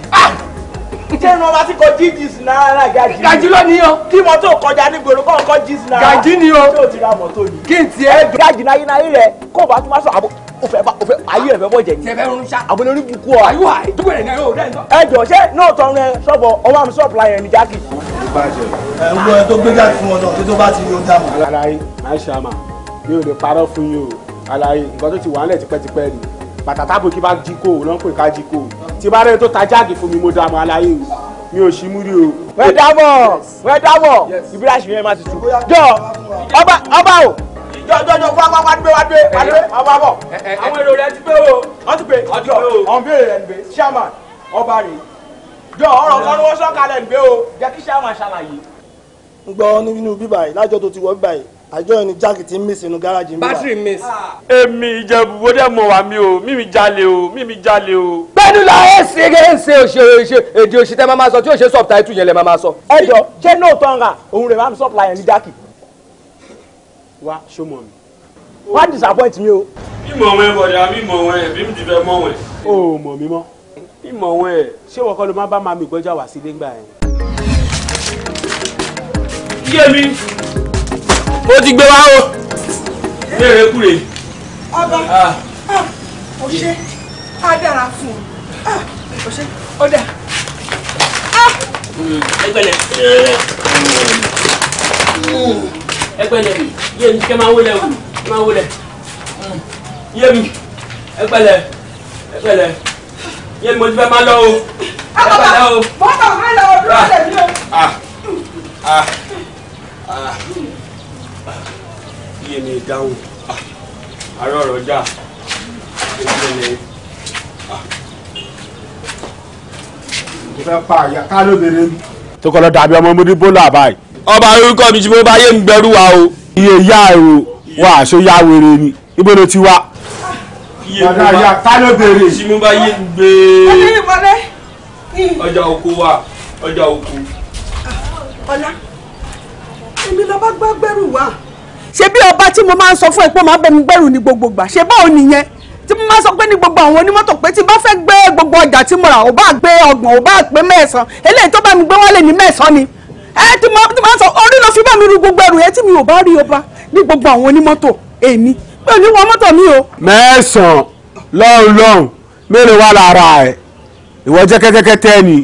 ṣé irun ọba tí kọ jí jí sí náírà gaji. gaji ló ní o. kí mọ́tò kọjá ní gbòòrò kọ́ ọkọ jí sí náírà. gaji ni o. tí o ti ra mọ́tò ni. kí n tiẹ̀. gaji náyé náyé rẹ kó o bá tún bá sọ àbò o fẹ́ bá o fẹ́ ayé rẹ̀ fẹ́ bọ̀ jẹ́ ni. sẹfẹ ń sa. àbúlé orí bukú ọ. ayiwa dúpẹ́ rẹ̀ náà yóò dẹ́n tán. ẹ jọ ṣé náà tọrun ẹ sọ́bọ̀ ọwọ́ àmì sọ́ọ̀pù láyẹn ní jákì. ẹ ń gbọ́ ẹ tó gbé jáde fún wọn náà tó bá ti yóò dá mọ́. alaye aishama mi ò lè parọ́ fún yín o alaye nǹkan tó ti wà nílẹ̀ tipẹ́tipẹ́ ni bàtà tábò kí bá jí kó o lọ́n pè ká jí kó o tí bá rẹ̀ tó ta jáàgì fún mi mo dá mọ́ alaye o mi ò sí múrí o. wẹ́ẹ́ dábọ̀ wẹ́ẹ́ dábọ̀ ìbílẹ̀ àṣìyẹn máa ti tu. jọ ọba ọba o jọjọjọ fún apá wádìí wádìí wádìí àwọn abọ àwọn èrò rẹ ti pé o wọn ti pé ọjọ ọhún béèrè rẹ nìgbé chairman ọba rè jọ ọ̀rọ̀ kan ló sọ kalẹ̀ nìgbé o jẹ kí chairman ṣàlàyé. ń gbọ́ nínú bíbá yìí lájọ tó ti wọ bíbá yìí àjọ ẹni jáàkì ti ń mí sínú gáràjì ń bá. bátìrì miss. Ah. èmi ìjẹ̀bù wo dẹ̀ mọ̀ wá mi o mímí jalè o mímí jalè o. bẹ́ẹ̀ni la ẹ ṣe é ṣe òṣè òṣè èdè òṣìṣẹ́ máa ma sọ tí òṣè sọ̀tà ètù yẹn lẹ máa ma sọ. ẹ jọ ṣé náà tán ra òun rẹ̀ máa ń sọ̀pìlà yẹn ní jáàkì wá ṣọmọ mi wá disappoint mi o. mímọ̀ wọn ẹ bọ̀dá mímọ̀ wọn ẹ bí mi ti fẹ́ mọ̀ wọn. o ò mọ̀ mi mọ́. mímọ̀ wọn ẹ. ṣé wọ́n kọ́ ló máa bá màmí gbọ́jà wá sílé ńgbà yẹn. iye mi ó ti gbé wá o. bẹ́ẹ̀rẹ̀ kúre. ọba ọṣẹ ah. ah, á dára fún un ọṣẹ ah, ọdà. ẹ gbẹlẹ ẹgbẹ́ lẹ́mi yé mi kẹ́ máa wọlé o máa wọlé yé mi ẹgbẹ́ lẹ ẹgbẹ́ lẹ yé mi mo ti fẹ́ máa lọ o ẹgbẹ́ ah, lẹ o. bọ́tà máa lọ dúró ah, lẹ́mi o. Ah, yé mi dáhùn àárọ̀ ọ̀rọ̀ dà ẹgbẹ́ lẹ. mo fẹ́ pa àyà ká lóbìnrin. tó kọ́ lọ dàbí ọmọ mo ní bólú àbáyé ọba orúkọ mi tí mo bá yé ń gbẹrú wa o. iye ìyá èrò wa àṣọ ya wèrè ni ibo ló ti wá. iye ìwà tí mo bá yé ń gbé ọjà oko wa ọjà oko. ọ̀la èmi lọ́ba gbá gbẹ́rù wa. ṣebí ọba tí mo máa ń sọ fún ẹ pé màá bẹ mi gbẹ́rù ní gbogbo gbà ṣe báwo nìyẹn tí mo máa sọ pé ní gbogbo àwọn onímọ́tò pé tí bá fẹ́ gbé gbogbo ọjà tí mo rà ò bá gbé ọgbọ̀n ò bá gbé mẹ́sàn-án eléyìí tó bá mi gbé wọ́n lè ní mẹ́sàn-án ni ẹ ti máa ti máa sọ orí ló fi bá mi ru gbogbo ẹrù yẹn tí mi ò bá rí ọba ní gbogbo àwọn onímọ́tò èmi pé òní wọn mọ́tò mi o. mẹ́sàn-án lọ́run lọ́run mélòó wà lára ẹ̀ ìwọ jẹ́ kẹ́kẹ́kẹ́tẹ́ ni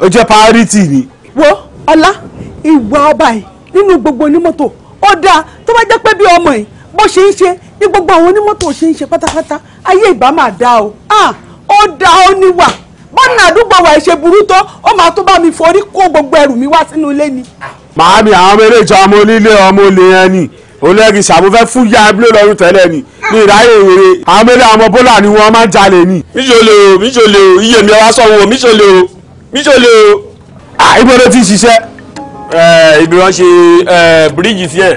ó jẹ́ pàórítì ni. wo ọlá ìwà ọba yìí nínú gbogbo onímọ́tò ó dáa tó bá jẹ́ pé bí ọmọ yìí bó ṣe ń ṣe ní gbogbo àwọn onímọ́tò ṣe ń ṣe pátápátá ayé ìbá máa dáa o ah, ó dáa ó níwà bọ́nà àdúgbò wa ìṣe burú tó ó máa tó bá mi forí kó gbogbo ẹrù mi wá sínú ilé ni. màámi àwọn ọmọ eré ìjọ ọmọ onílé ọmọ olè yẹn ni olóyè ìṣàmú fẹ́ fún ya abúlé lọ́rùn tẹ́lẹ̀ ni ní ìráyè ìwéré àwọn ọmọ eré àwọn bọ́là ni wọ́n máa ń jalè ni. míṣòlè o míṣòlè o iye mi ọwá sọ̀wọ́ míṣòlè o míṣòlè o. à ibi ọdọ ti ṣiṣẹ́. ibi wọn ṣe bíríìjì sí ẹ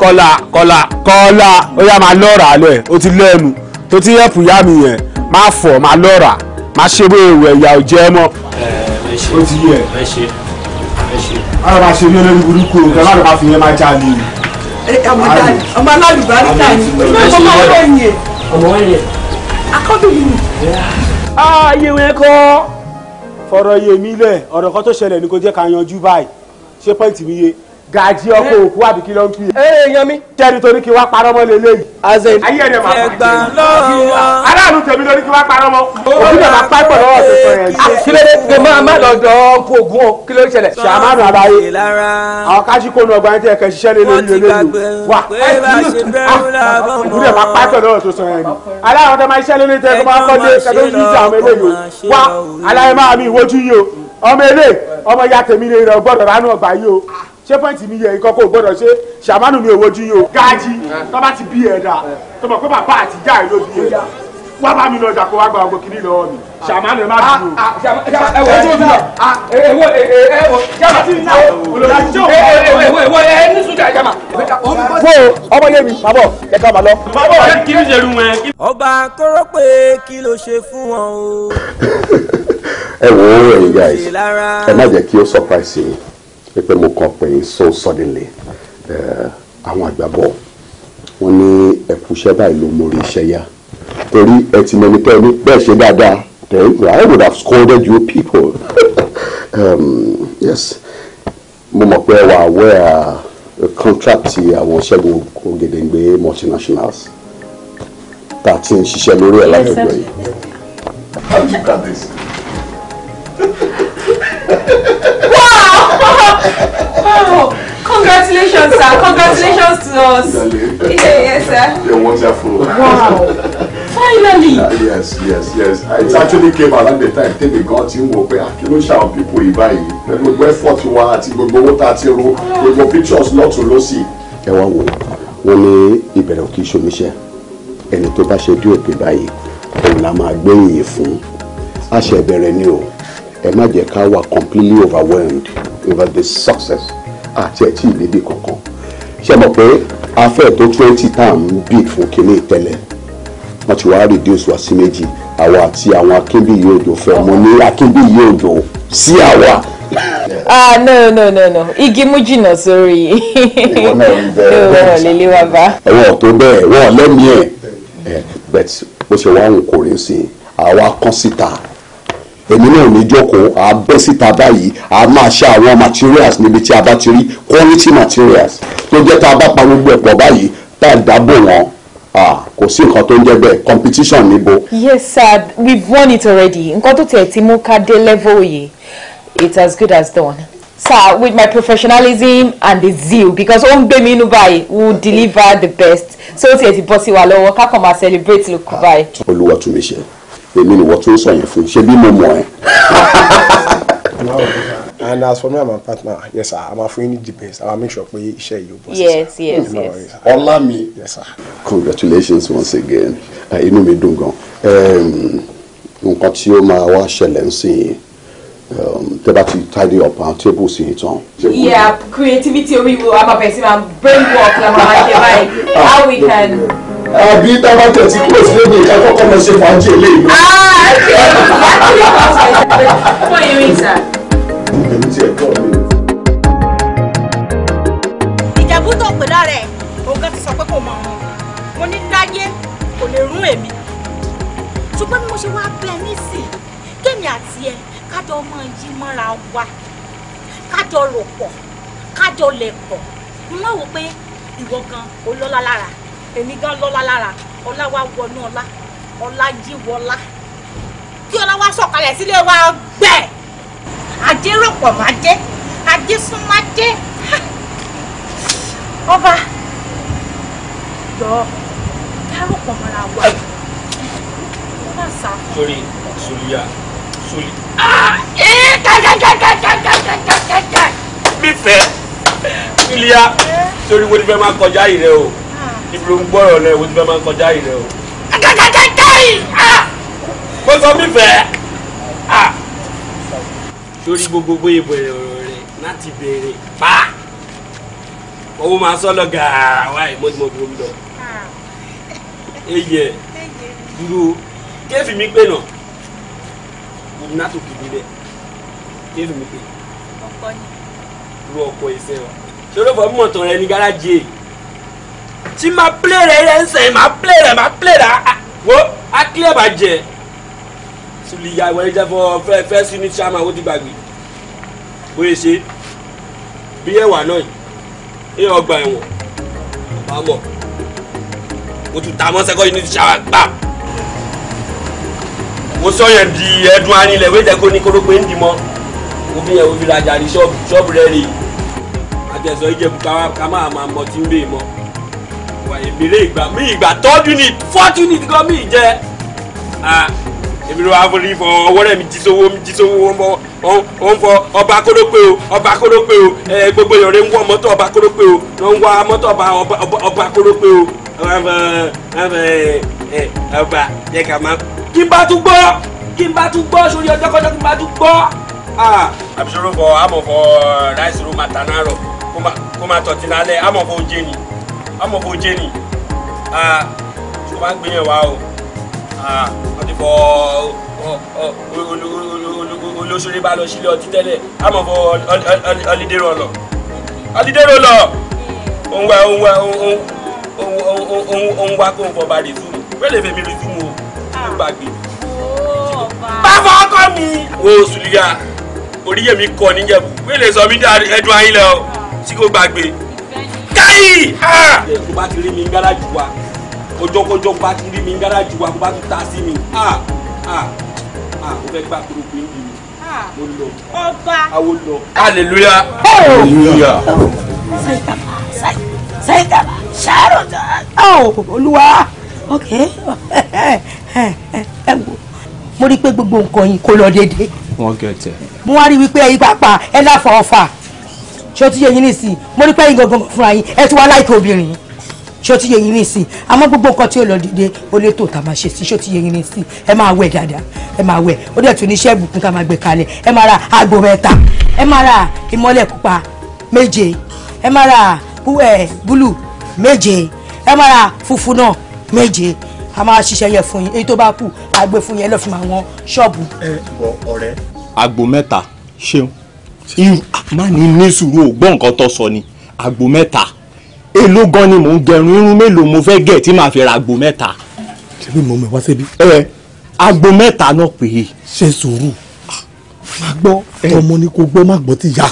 kọlà kọlà. kọlà ó yà máa lọ́ọ̀rà alẹ́ o ti lẹ́nu tó ti yẹ fún yá mi yẹn máa fọ̀ máa lọ́ọ̀rà má ṣe bó ewu ẹ̀yà ò jẹ́ mọ́. ó ti yẹ ọ̀rọ̀ máa ṣe bí olórí burúkú ọ̀rọ̀ máa máa fi yẹn máa já mi. ọmọ alálùbáríkà ni ọmọ ọmọ yẹn ọmọ yẹn akọ́bí mi. ààyè wọn kọ́ fọ̀rọ̀ yèmí lẹ̀ ọ̀rọ̀ kan tó ṣẹlẹ̀ ni kò jẹ́ ká yanjú báyìí ṣé pọ́ìntì mi yé gàjí ọkọ eh. òkú àbí kí ló ń pè é. ẹ yan mi. jẹ́ni torí kí wá parọ́ mọ́ lélẹ́ yìí. azẹ ayé ẹ̀dẹ̀ máa pàṣẹ. ẹgbà lọ́wọ́. aráàlú tèmi lórí kí wá parọ́ mọ́. òbí bàbá pàpọ̀ lọ́wọ́ tó sọ yẹn. Ah, kílódé kò máa má lọ́dọ̀ ọkọ ògùn o kí ló ń ṣẹlẹ̀. sàmánù abayé àwọn kájí kónú ọgbà yẹn tẹ ẹ̀kẹ́ ṣiṣẹ́ lé lórí lórí wa. òbí bàbá pàpọ̀ lọ́wọ́ tó sọ yẹn ni. aláwọ̀ tẹ máa ṣiṣẹ́ lé lórí tẹ ọmọ ilé ọmọ ya tèmi lè rẹ ọgbọ́dọ̀ ránú ọgbà yìí o ṣé pọ́ǹtì mi yẹ ikọ́ gbọ́dọ̀ ṣe ṣàmánù mi òwò ju o. gaji tó bá ti bí ẹ tó mọ̀ pé bàbá àti ìyá wá bá mi lọ ọjà kó wá gba ọgbọ kìíní lọ́wọ́ mi ṣàmánù ẹ má dùn o. ẹwọ ẹjọ mi ẹwọ ẹwọ jama ti ní olùdájọ ẹwọ ẹwọ ẹ ní sùn jà jama. fo ọmọ mi bàbọ kẹkẹ ọba lọ. bàbọ kí ni ṣe lu wọn. ọba kọ́rọ́ pé kí ló ṣe fún wọn o. ẹ wo ẹ̀yin guys ẹ má jẹ́ kí ó surprise yín pé mo kàn pé so suddenly eh, àwọn àgbàbọ̀ wọn ní ẹ̀kúṣẹ́ báyìí ló mórí iṣẹ́ yá torí ẹ ti mẹ́ni pé ẹni bẹ́ẹ̀ ṣe dáadáa then I would have scolded you people um, yes mo mọ̀ pé wà á wẹ́ a contract ti àwọn ṣẹ́gun ògèdèǹgbé multinationals tá ti ń ṣiṣẹ́ lórí ẹ̀ látọ̀gbọ̀ yìí. do you got this? wow! wow! Congratulations, sir. Congratulations to us. yeah, yes, sir. You're wonderful. Wow. Finally. Uh, yes, yes, yes. It actually came around the time tèmi gan ti ń wò pé akínú ah, ṣàwọn pípò ìbáyìí pẹ̀lú gbogbo effort wa àti gbogbo owó tá a ti ro gbogbo pictures lọ́tún lọ́sì. Ẹ wá wò wọ́n ní ìbẹ̀rẹ̀ kì í ṣomiṣẹ́ ẹni tó bá ṣe dé òkè báyìí òun la máa gbẹ̀yìn fún àṣẹ ìbẹ̀rẹ̀ ni o ẹ má jẹ́ ká wà completely overwhelmed over the success àti ẹ̀ tí ìlédè kankan ṣe mọ̀ pé afẹ́ tó twenty tá à ń bid fún kinní ìtẹ́lẹ̀ wọ́n ti wá reduce wá sí méjì àwa àti àwọn akínbíyí òjò fẹ́ mo ní akínbíyí òjò sí àwa. ah no no no no igi mú jìnnà sórí ìwọ náà lè lé wa bá. ẹ̀wọ̀n tó bẹ́ẹ̀ wọ́n lẹ́mìí ẹ̀ eh, but bó ṣe wá ń kórè sí i àwa kan síta èmi náà ní jókòó à á bẹ́ síta báyìí à á máa ṣe àwọn materials níbi tí a bá ti rí quality materials tó jẹ́ tá a bá pa gbogbo ẹ̀pọ̀ báyìí tá a dábò wọn kò sí nǹkan tó ń jẹ́ bẹ́ẹ̀ competition níbo. yes sir we've won it already nǹkan tó tiẹ̀ ti mú ká dé level yìí it's as good as done. sir with my professionalism and the zeal because ó ń gbé mi inú báyìí we will deliver the best so ó tiẹ̀ ti bọ́ sí wa lọ́wọ́ ká kàn máa celebrate lókù báyìí. olúwa tún mi ṣe èmi ni wọ́n tún sọ yẹn fún ṣé bí mo mọ̀ ẹ́. and as for me and my partner yes sir i'm afraid need the best i will make sure pé iṣẹ́ yìí ó bọ́ sí sir. yes yes yes. ọlá mi. yes sir. congratulations once again ah, inú mi dùn gan nǹkan tí ó máa wá ṣẹlẹ̀ ń sìn yìí tẹ bá ti tidy up our table sí ìtàn. yeah creativity orí wo a máa bẹ̀rẹ̀ sí bring work la máa ṣe báyìí how we can àbí tábà tẹ̀sí kúrò sílé mi ká kọ́kọ́ lọ ṣe fàájì eléyìí. fún ìrìn ìta. èmi ti ẹ̀kọ́ mi. ìjẹ̀bú tó pè lára ẹ̀ ọ̀gá ti sọ pé kò mọ ọmọ mo ní láyé kò lè rún èmi ṣùgbọ́n bí mo ṣe wá bẹ nísìn kémi àti ẹ kájọ ọmọ yìí mọ́ra wa kájọ rò pọ̀ kájọ lẹ̀ pọ̀ mo máa wò pé ìwọ gan-an ó lọ́lá lára èmi gan lọ́lá lára ọlá wa wọnú ọlá ọlá jí wọlá kí ọlá wa sọ̀kalẹ̀ sílé wa gbẹ̀ ajé rọ̀pọ̀ má jẹ́ ajé sún má jẹ́ ọba jọ dárúkọ mọ́ra wa ọba sá. sórí sóríyà sórí. mi ah! fẹ́ sóríyà ibi ló ń gbọ́rọ̀ lẹ wo ti fẹ́ máa ń kọjá yìí rẹ o. àgàgàgàgàì mo sọ mí fẹ́. sórí gbogbo bóyá bẹ̀rẹ̀ ọ̀rọ̀ rẹ láti bẹ̀rẹ̀ pa owó máa sọ lọ́gà wáyé mo ti mọ bí omi lọ. Ah! eyẹ dúró kéèfì mi pè nà mo ní àtò kìdí dẹ kéèfì mi pè. ọkọ ni. irú ọkọ iṣẹ́ wa ṣé olóòfò mímọ̀ tán rẹ ní gáràjì èyí tí máa play rẹ̀ rẹ̀ ń sẹ̀ máa play rẹ̀ máa play rẹ̀ wo á clear bàjẹ́ sùlìyà ìwọlé jẹ́ fọ fẹ́ fẹ́ sí ní chairman ó ti gbàgbé ó lè ṣe bí ẹ̀wà náà yìí èèyàn ọgbà ẹ̀wọ̀n ọba mọ̀ ó tún ta mọ́sẹ́kọ́ yìí ní ti ṣàwà gbà mo sọ yẹn di ẹ̀dùn anilẹ̀ wíjẹ́ kó ní kórópé ń dìmọ́ òbí yẹn òbí rajà ní ṣọ́ọ̀bù ṣọ́ọ̀bù rẹ̀ rèé àtẹ̀sọ́ ìjẹ̀bù ká máa máa mọ̀ tí ń bè mọ́ àwọn èmìrè ìgbà mí ìgbà third unit fourth unit gan mí jẹ èmi ló wá forí fọ ọwọ́ rẹ̀ mi jí sówó mi jí sówó ó ń fọ ọba kórópè o ọba kórópè o gbogbo ìyọ̀rẹ́ ń wọ mọ́tò ọba kórópè o ló ń wá mọ́tò ọba ọba kórópè o ọba jẹ́ ká máa. kí n bá tún gbọ́ kí n bá tún gbọ́ sórí ọjọ́ kọjọ́ kí n bá tún gbọ́. àbísọ̀rọ̀ fọ àmọ̀ fọ ráìsì ló máa tà náà rọ̀ kó máa tọ̀tí lálẹ́ àmọ̀ fọ oje ni àmọ́ bó jẹ́ ni tó bá gbé yẹn wá o wọ́n ti fọ olóṣèré bá lọ sílé ọtí tẹ́lẹ̀ àmọ́ fọ ọlídé rọ lọ ọlídé rọ lọ òun wá òun wá òun wá kó n fọ bá rè fún mi wẹ́lẹ̀ fẹ́ mi rè fún mi o ó gbàgbé. Ah. bàbá ọkọ mi. wo sùlìyà oríyẹmí kọ níjẹ̀bú wẹ́lẹ̀ sọ mi dá ẹdun ayé lọ sí kò gbàgbé káyì. tó bá ti rí mi gáràjì wa ọjọ́kọjọ́ bá ti rí mi gáràjì wa kó bá ti ta sí mi ó fẹ́ gbà kúrò pé ń bì mí ọba àwo lọ. hallelujah. hallelujah. saitama oh, olúwa mo rí i pé gbogbo nǹkan yìí kò lọ déédéé. wọ́n gẹ̀ mo wá rí i wípé ẹyin pàápàá ẹ láfa ṣé o ti yẹ mo rí pé yín gangan fúnra yín ẹ ti wá láìka obìnrin ṣé o ti yẹ yín nísìn àmọ́ gbogbo nǹkan tí ó lọ dìde ó lè tó tá máa ṣe sí ṣé o ti yẹ yín nísìn ẹ máa wẹ̀ dáadáa ẹ máa wẹ̀ ó dẹ̀ tún níṣẹ́ ìbùkún tá a máa gbé kalẹ̀ ẹ máa ra àgbò mẹ́ta ẹ máa ra ìmọ́lẹ̀ pupa méje ẹ máa ra búlù méje ẹ máa ra funfun náà méje a máa ṣiṣẹ́ yẹn fún yín èyí tó bá kù àgbẹ̀ fún yín ẹ fi máa wọn ṣọ́ọ̀bù. ẹ ọ̀rẹ́ àgbò mẹ́ta ṣeun má ní ní sùúrù ògbọ́n nǹkan tó sọ ni àgbò mẹ́ta èló gan ni mò ń gẹrun irun mélòó mo fẹ́ gẹ̀ tí màá fi ra àgbò mẹ́ta. ṣé bí mo mọ̀ wá síbi. ẹ àgbò mẹ́ta náà pè é. ṣe sùúrù má gbọ́ ọmọ ni kò gbọ́ má gbọ́ ti yá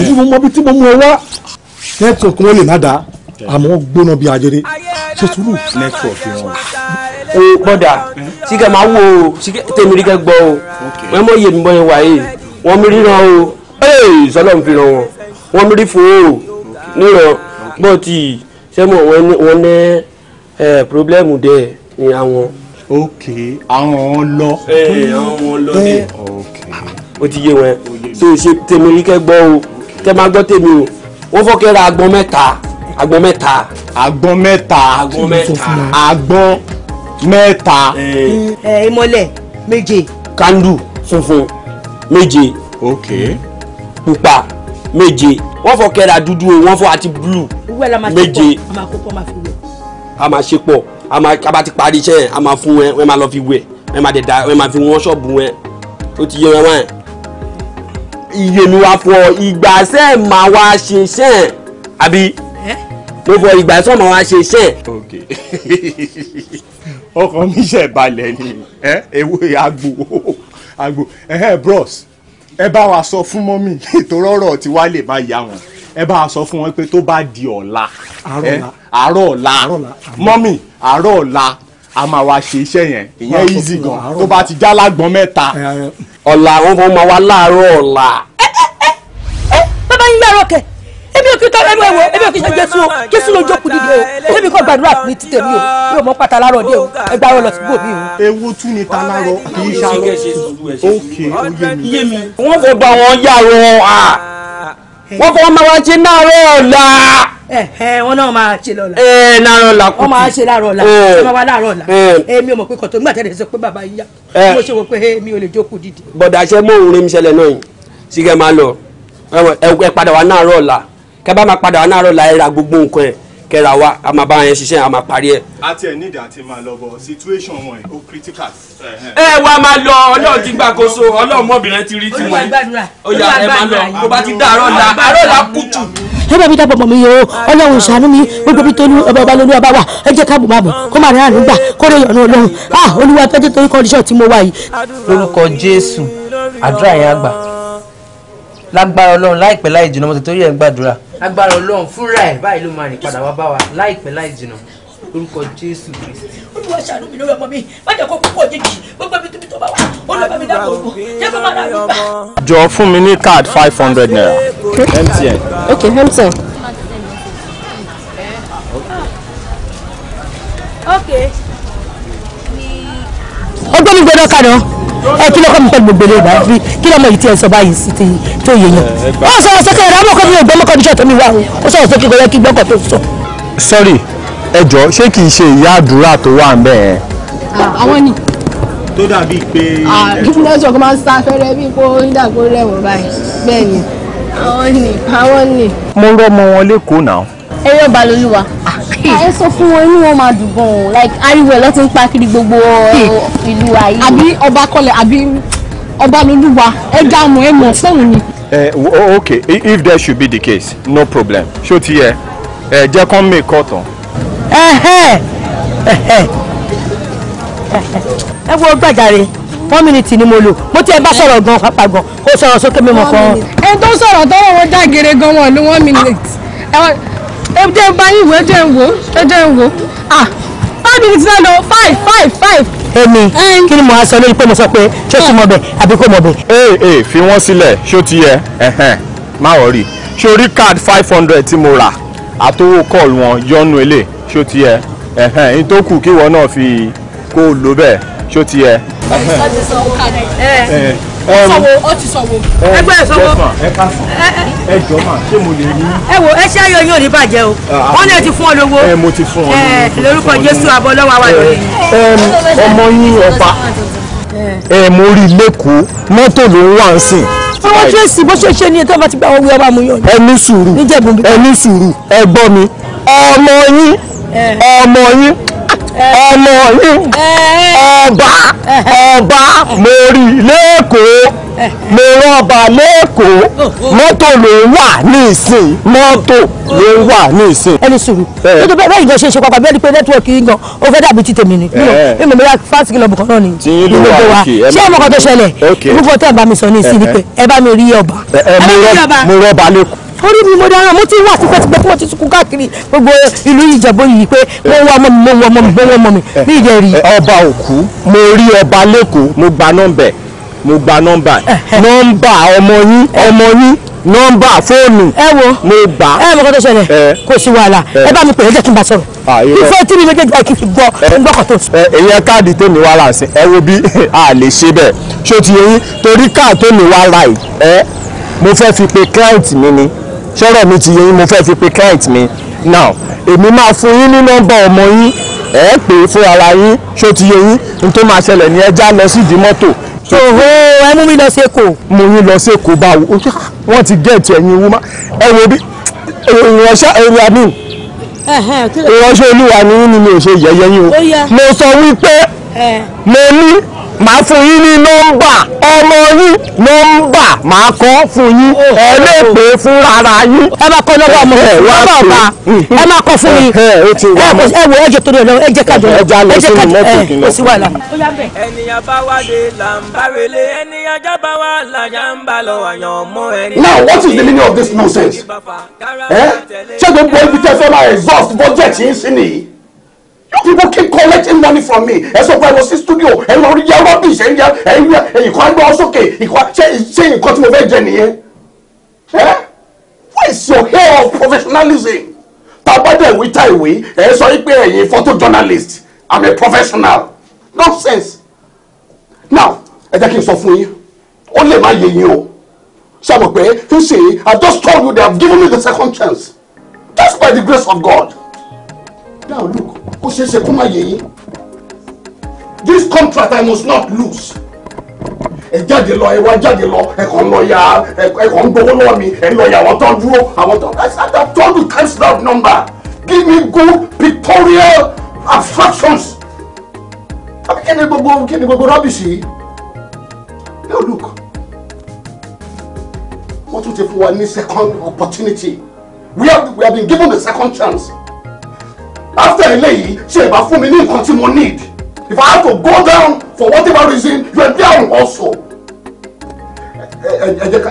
ìdí mo mọ bí tí mo mú ẹ wá nẹ́tíwọ̀kì wọn lè má dáa àmọ́ gbóná bíi ajere ṣe sùúrù. nẹ́tíwọ̀kì wọn o bọ́dà tí máa wò ó tèmi kẹ́ gbọ́ o wọ́n mọ̀ mi bọ́ yẹn wáyé wọ́n mi ríran o ee sọlọ́n fi ràn wọ́n wọ́n rí fòó nírọ̀ bọ́ọ̀tì sẹ́mọ̀ wọ́n ní pírọ́blẹ́mù dẹ̀ ní àwọn. ok àwọn wọn lọ. ee àwọn wọn lọ ní. o ti yé wọn tó ṣe tèmi rí kẹ́ gbọ́ o kẹ́ máa gbọ́ tèmi o wọ́n fọ́kẹ́ ra agbọ́n mẹ́ta agbọ́n mẹ́ta. agbọ́n mẹ́ta agbọ́n mẹ́ta ẹ ìmọ́lẹ̀ méje. kandu funfun méje. ok. Mm -hmm pupa méje wọ́n fọ kẹ́ra dúdú o wọ́n fọ àti blue méje a máa ṣe pọ̀ a máa a bá ti parí iṣẹ́ yẹn a máa fún ẹ wọ́n máa lọ fi wẹ̀ wọ́n máa dẹ̀dá wọ́n máa fi wọ́n ṣọ́ọ̀bù wọn ó ti yẹ wọn wọ́n iye mi wá fọ ìgbà sẹ́ máa wá ṣe iṣẹ́ yẹn àbí mo fọ ìgbà sẹ́ máa wá ṣe iṣẹ́ yẹn. ọkọ mi ṣe balẹ̀ ni ẹ agbo agbo bros ẹ bá wa sọ fún mọ́mì ìtòrọ́rọ̀ tí wàá lè máa yá wọn ẹ bá wa sọ fún wọn pé tó bá di ọ̀la àárọ̀ ọ̀la mọ́mì àárọ̀ ọ̀la a máa wá ṣe iṣẹ́ yẹn ìyẹn easy gan tó bá ti já lágbọ́n mẹ́ta. ọ̀la àwọn ọmọ wa láàárọ̀ ọ̀la. ẹ ẹ ẹ bàbá yín yàrá kẹ ebi ò kí ewe ẹnu ẹ̀wọ̀ èmi ò kí ṣe jésù o jésù ló jókòó dídì o èmi o mọ pátá o ẹgbà wọn lọ o. ewu tún ni ta lárọ kì í ṣàrọ oke oyè mi. wọ́n bụ bá wọn ya wọn a wọ́n fọwọ́ máa wá ṣe náírà mo kẹ bá máa padà wọn náà láì ra gbogbo nǹkan ẹ̀ kẹra wa a máa bá yẹn ṣiṣẹ́ a máa parí ẹ̀. a ti ẹ̀ need àti máa lọ bọ̀ situation wọn ẹ̀ ó critical. ẹ wá máa lọ ọlọ́run ti gbàkóso ọlọ́run mọ́bìnrin ti rí tiwọn. ó yá ẹ máa lọ bó bá ti dá àárọ̀ la àárọ̀ la kùtù. ẹ bá mi dábọ̀ mọ̀ mi yìí o ọlọ́run ìṣàánú mi ó gbé mi tó ní ọba ọba lórí ọba wa ẹ jẹ́ káàbù máa bọ̀ kó máa rẹ̀ àánú gbà kó rẹ̀ yọ̀nà ọlọ́run a ah, olúwa tó dé torí kọ́ndíṣọ̀ tí mo wà yìí. lórúkọ jésù àdúrà yẹn àgbà lágbára ọlọ́run láìpẹ́ láì jìnnà mo ti torí ẹ̀ ń gbàdúrà agbára ọlọ́run fúnra ẹ̀ báyìí ló máa rìn padà wá bá wa láìpẹ́ láì jìnnà lórúkọ jésù kristi. olúwa ṣàánú mi lórí ọmọ mi má kó púpọ̀ jèjì gbogbo ibi tóbi tó bá wà olúwa mi dáàbò ògùn jẹ́ kó má rà bá. jọ fún mi ní card five hundred naira mtn. ok mtn. ok. ọgbẹ́ni gbẹdọ̀ kadàn ẹ kí lọ́kọ́ mi pẹ̀lú gbogbo ilé ìgbà fi kí lọ́mọ yìí ti ẹ̀ sọ báyìí sí ti tó yẹ yẹn. ó sọ̀rọ̀ sókè rẹ̀ àmọ́ kọ́ mi ò gbọ́ mọ́kọ́ tó mi wá o ó sọ̀rọ̀ sókè kọ́yẹ́ kí gbọ́kọ̀ tó sọ. sorry ẹ jọ ṣé kì í ṣe ìyá àdúrà tó wà ń bẹ̀ ẹ́. àwọn ni. tó dàbí pé. lọ́sọ̀ kó máa ń sá fẹ́rẹ́ bí kò ń dàgbò rẹ̀wọ̀n báyìí bẹ́ẹ̀ ni àwọn ni mo rọ́ ọmọ wọn lẹ́kọ̀ọ́ náà. eré ọba lolúwa. ah Ah, ẹ sọ fún wọn inú wọn máa dùn gan like ariwo ẹ lọ́tún ń pa kiri gbogbo eh, ìlú ayé. àbí ọba kọlẹ̀ àbí ọba lolúwa ẹ dá mọ̀ ẹ mọ̀ sẹ́wọ̀n ni. ẹ eh, oh, ok if that should be the case no problem ṣó ti yẹ ẹ eh, jẹ́ kán mè kọ́ tán. ẹ wo gbàjáre one minute ni mo lò mo tiẹ̀ bá sọ̀rọ̀ gan pàpà gan kó sọ̀rọ̀ sókè mímọ̀ kan. ẹni tó sọ̀rọ̀ tọ́wọ́ wọn já gan wọn ní one minute ẹ ń bá wò ẹ ń wò ẹ ń wò ah five minutes náà lọ five five five. èmi kí ni mo á sọ lórí pé mo sọ pé ṣé o ti mọ bẹ àbí kò mọ bẹ. ee eh, eh, fi wọ́n sílẹ̀ ṣó ti yẹ má wọrí ṣó rí card five hundred tí mo rà àtọwọ́ kọ́ọ̀lù wọn yọnu ilé ṣó ti yẹ ẹ̀hẹ́n tó kù kí wọn náà fi kó o lò bẹ́ẹ̀ ṣó ti yẹ. ọ̀sán ti sọ ọ́ kàdé sọ̀wọ́ ó ti sọ̀wọ́ ẹgbẹ́ ìsọ̀wọ́ ẹ ká sàn ẹ jọ mà ṣé mo lè ní. ẹ wo ẹ ṣe ayọ̀ yín ò ní bàjẹ́ o ah, ah. wọ́n ní ẹ ti fún ọ lówó ẹ mo ti fún ọ lówó ẹ lórúkọ Jésù àbọ̀ lọ́wọ́ àwa lórí. ọmọ yín ọba ẹ mo rí lẹ́kọ̀ọ́ mọ́tò ló ń wà ń sìn àwọn tó sì bó ṣe ṣe ní ẹtọ́ bá ti gba owó ọba mu yàn. ẹ ní sùúrù ẹ ní sùúrù ẹ gbọ́ mi ọmọ yín ọmọ yín ọmọ yín ọba ọba mo rí lẹ́kọ̀ọ́ mo rọ́ọ̀bà lẹ́kọ̀ọ́ mọ́tò ló wà nísìn mọ́tò ló wà nísìn. ẹni sùúrù tó bẹ́ẹ̀ bẹ́ẹ̀ ìgbọ̀nsẹ̀ ṣe papà bẹ́ẹ̀ ni pé nẹ́tíwọ̀kì yín gan ó fẹ́ dàbí ti tèmi ni mímọ̀ mi wá fásitì kìlọ̀ bùkọ́ náà ni gbogbo wa ṣé ọmọ kan tó ṣẹlẹ̀ gbogbo tẹ̀ bá mi sọ ní ìsìn ni pé ẹ bá mi rí ọba. mo rọ́ọ̀bà lẹ́kọ̀ọ́ orí mi mo dára mo ti wà tipẹ́tipẹ́ tí wọ́n ti sunkún káàkiri gbogbo ìlú ìjẹ̀bú yìí pé mo ń wá ọmọ mi mo ń wá ọmọ mi mo ń wá ọmọ mi eh, ní ìjẹ́rìí. Eh, ọba òkú mo rí ọba lẹ́kọ̀ọ́ mo gba nọ́mbẹ̀ mo gba nọ́mbà eh, nọ́mbà ọmọ yín ọmọ yín nọ́mbà fóònù mo gbà. ẹ mọ̀ kó tó kò sí wàhálà ẹ bá mi pè é jẹ́ kí n bá sọ̀rọ̀ ìfẹ́ ah, tí mi méjèèjì ẹ kì í gbọ́ tó sùn. èyí ẹ káàdì tèmi wá ẹ wo bí a lè ṣe bẹ́ẹ̀ ṣó ti yẹ yín torí káà tèmi wá láì ẹ mo fẹ́ fi pe client mi ni ṣọ́rọ̀ mi ti yẹ mo fẹ́ fi pe client mi now èmi máa fún yín ní nọ́mbà ọmọ yín ẹ pè é fún ara yín ṣó ti yẹ yín n tó máa ṣẹlẹ̀ ní ẹja lọ sí ìdí mọ́tò. ṣòro ẹ mú mi lọ sí èkó. mú yín lọ sí èkó báwo wọ́n ti gẹ̀ẹ́tì ẹ̀yin wúmá ẹ wo bí ìránṣẹ́ ẹ̀rọ àmì ìránṣẹ́ olúwa ni yín ni mi ò ṣe yẹ̀yẹ́ yín o mo sọ wípé mo ní ma fún yi ní nọmba ọmọ yín nọ́mbà ma kọ́ fún yi oh, ẹ lè oh. pè fún rárá yín. ẹ máa kọ lọ́wọ́ ọmọ rẹ̀ lọ́wọ́ ọba ẹ máa kọ fún mi ẹ wo ẹ tó kájọ kájọ ẹ ènìyàn bá wá dé ènìyàn já bá wá ń bá lọ àyàn ọmọ ẹni. You people keep collecting money from me. Ẹ sọ pé ẹ studio, ẹ lọ rí yá rubbish, ẹ yá ẹ yá ìkọ́ ẹgbẹ́ ọ̀sọ́kè, ìkọ́ ṣé ṣé nǹkan tí mo fẹ́ jẹ nìyẹn? Ẹ́ what is your hair of professionalism? Bàbá dẹ̀ wí ta ìwé, ẹ sọ pé ẹ̀yin photojournalist, I'm a professional. Nonsense. Now, ẹ jẹ́ kí n sọ fún yín, ó lè má yé yín o. Ṣé àmọ̀ pé, you see, I just told you they have given me the second chance. Just by the grace of God now look ó ṣeé ṣe kó má yẹ this contract i must not lose ẹ jáde lọ ẹ wá jáde lọ ẹ kàn lọ ya ẹ kàn gbowó lọ́wọ́ mi ẹ lọ ya àwọn tó dúró àwọn tó i have told you times that number give me good pictorial abstractions àbí kí ni gbogbo kí ni gbogbo rubbish yìí now look wọ́n tún ti fún wa ní second opportunity we have we have been given a second chance after eléyìí ṣe ìbá fún mi ní nǹkan tí mo need if i have to go down for whatever reason you are down also.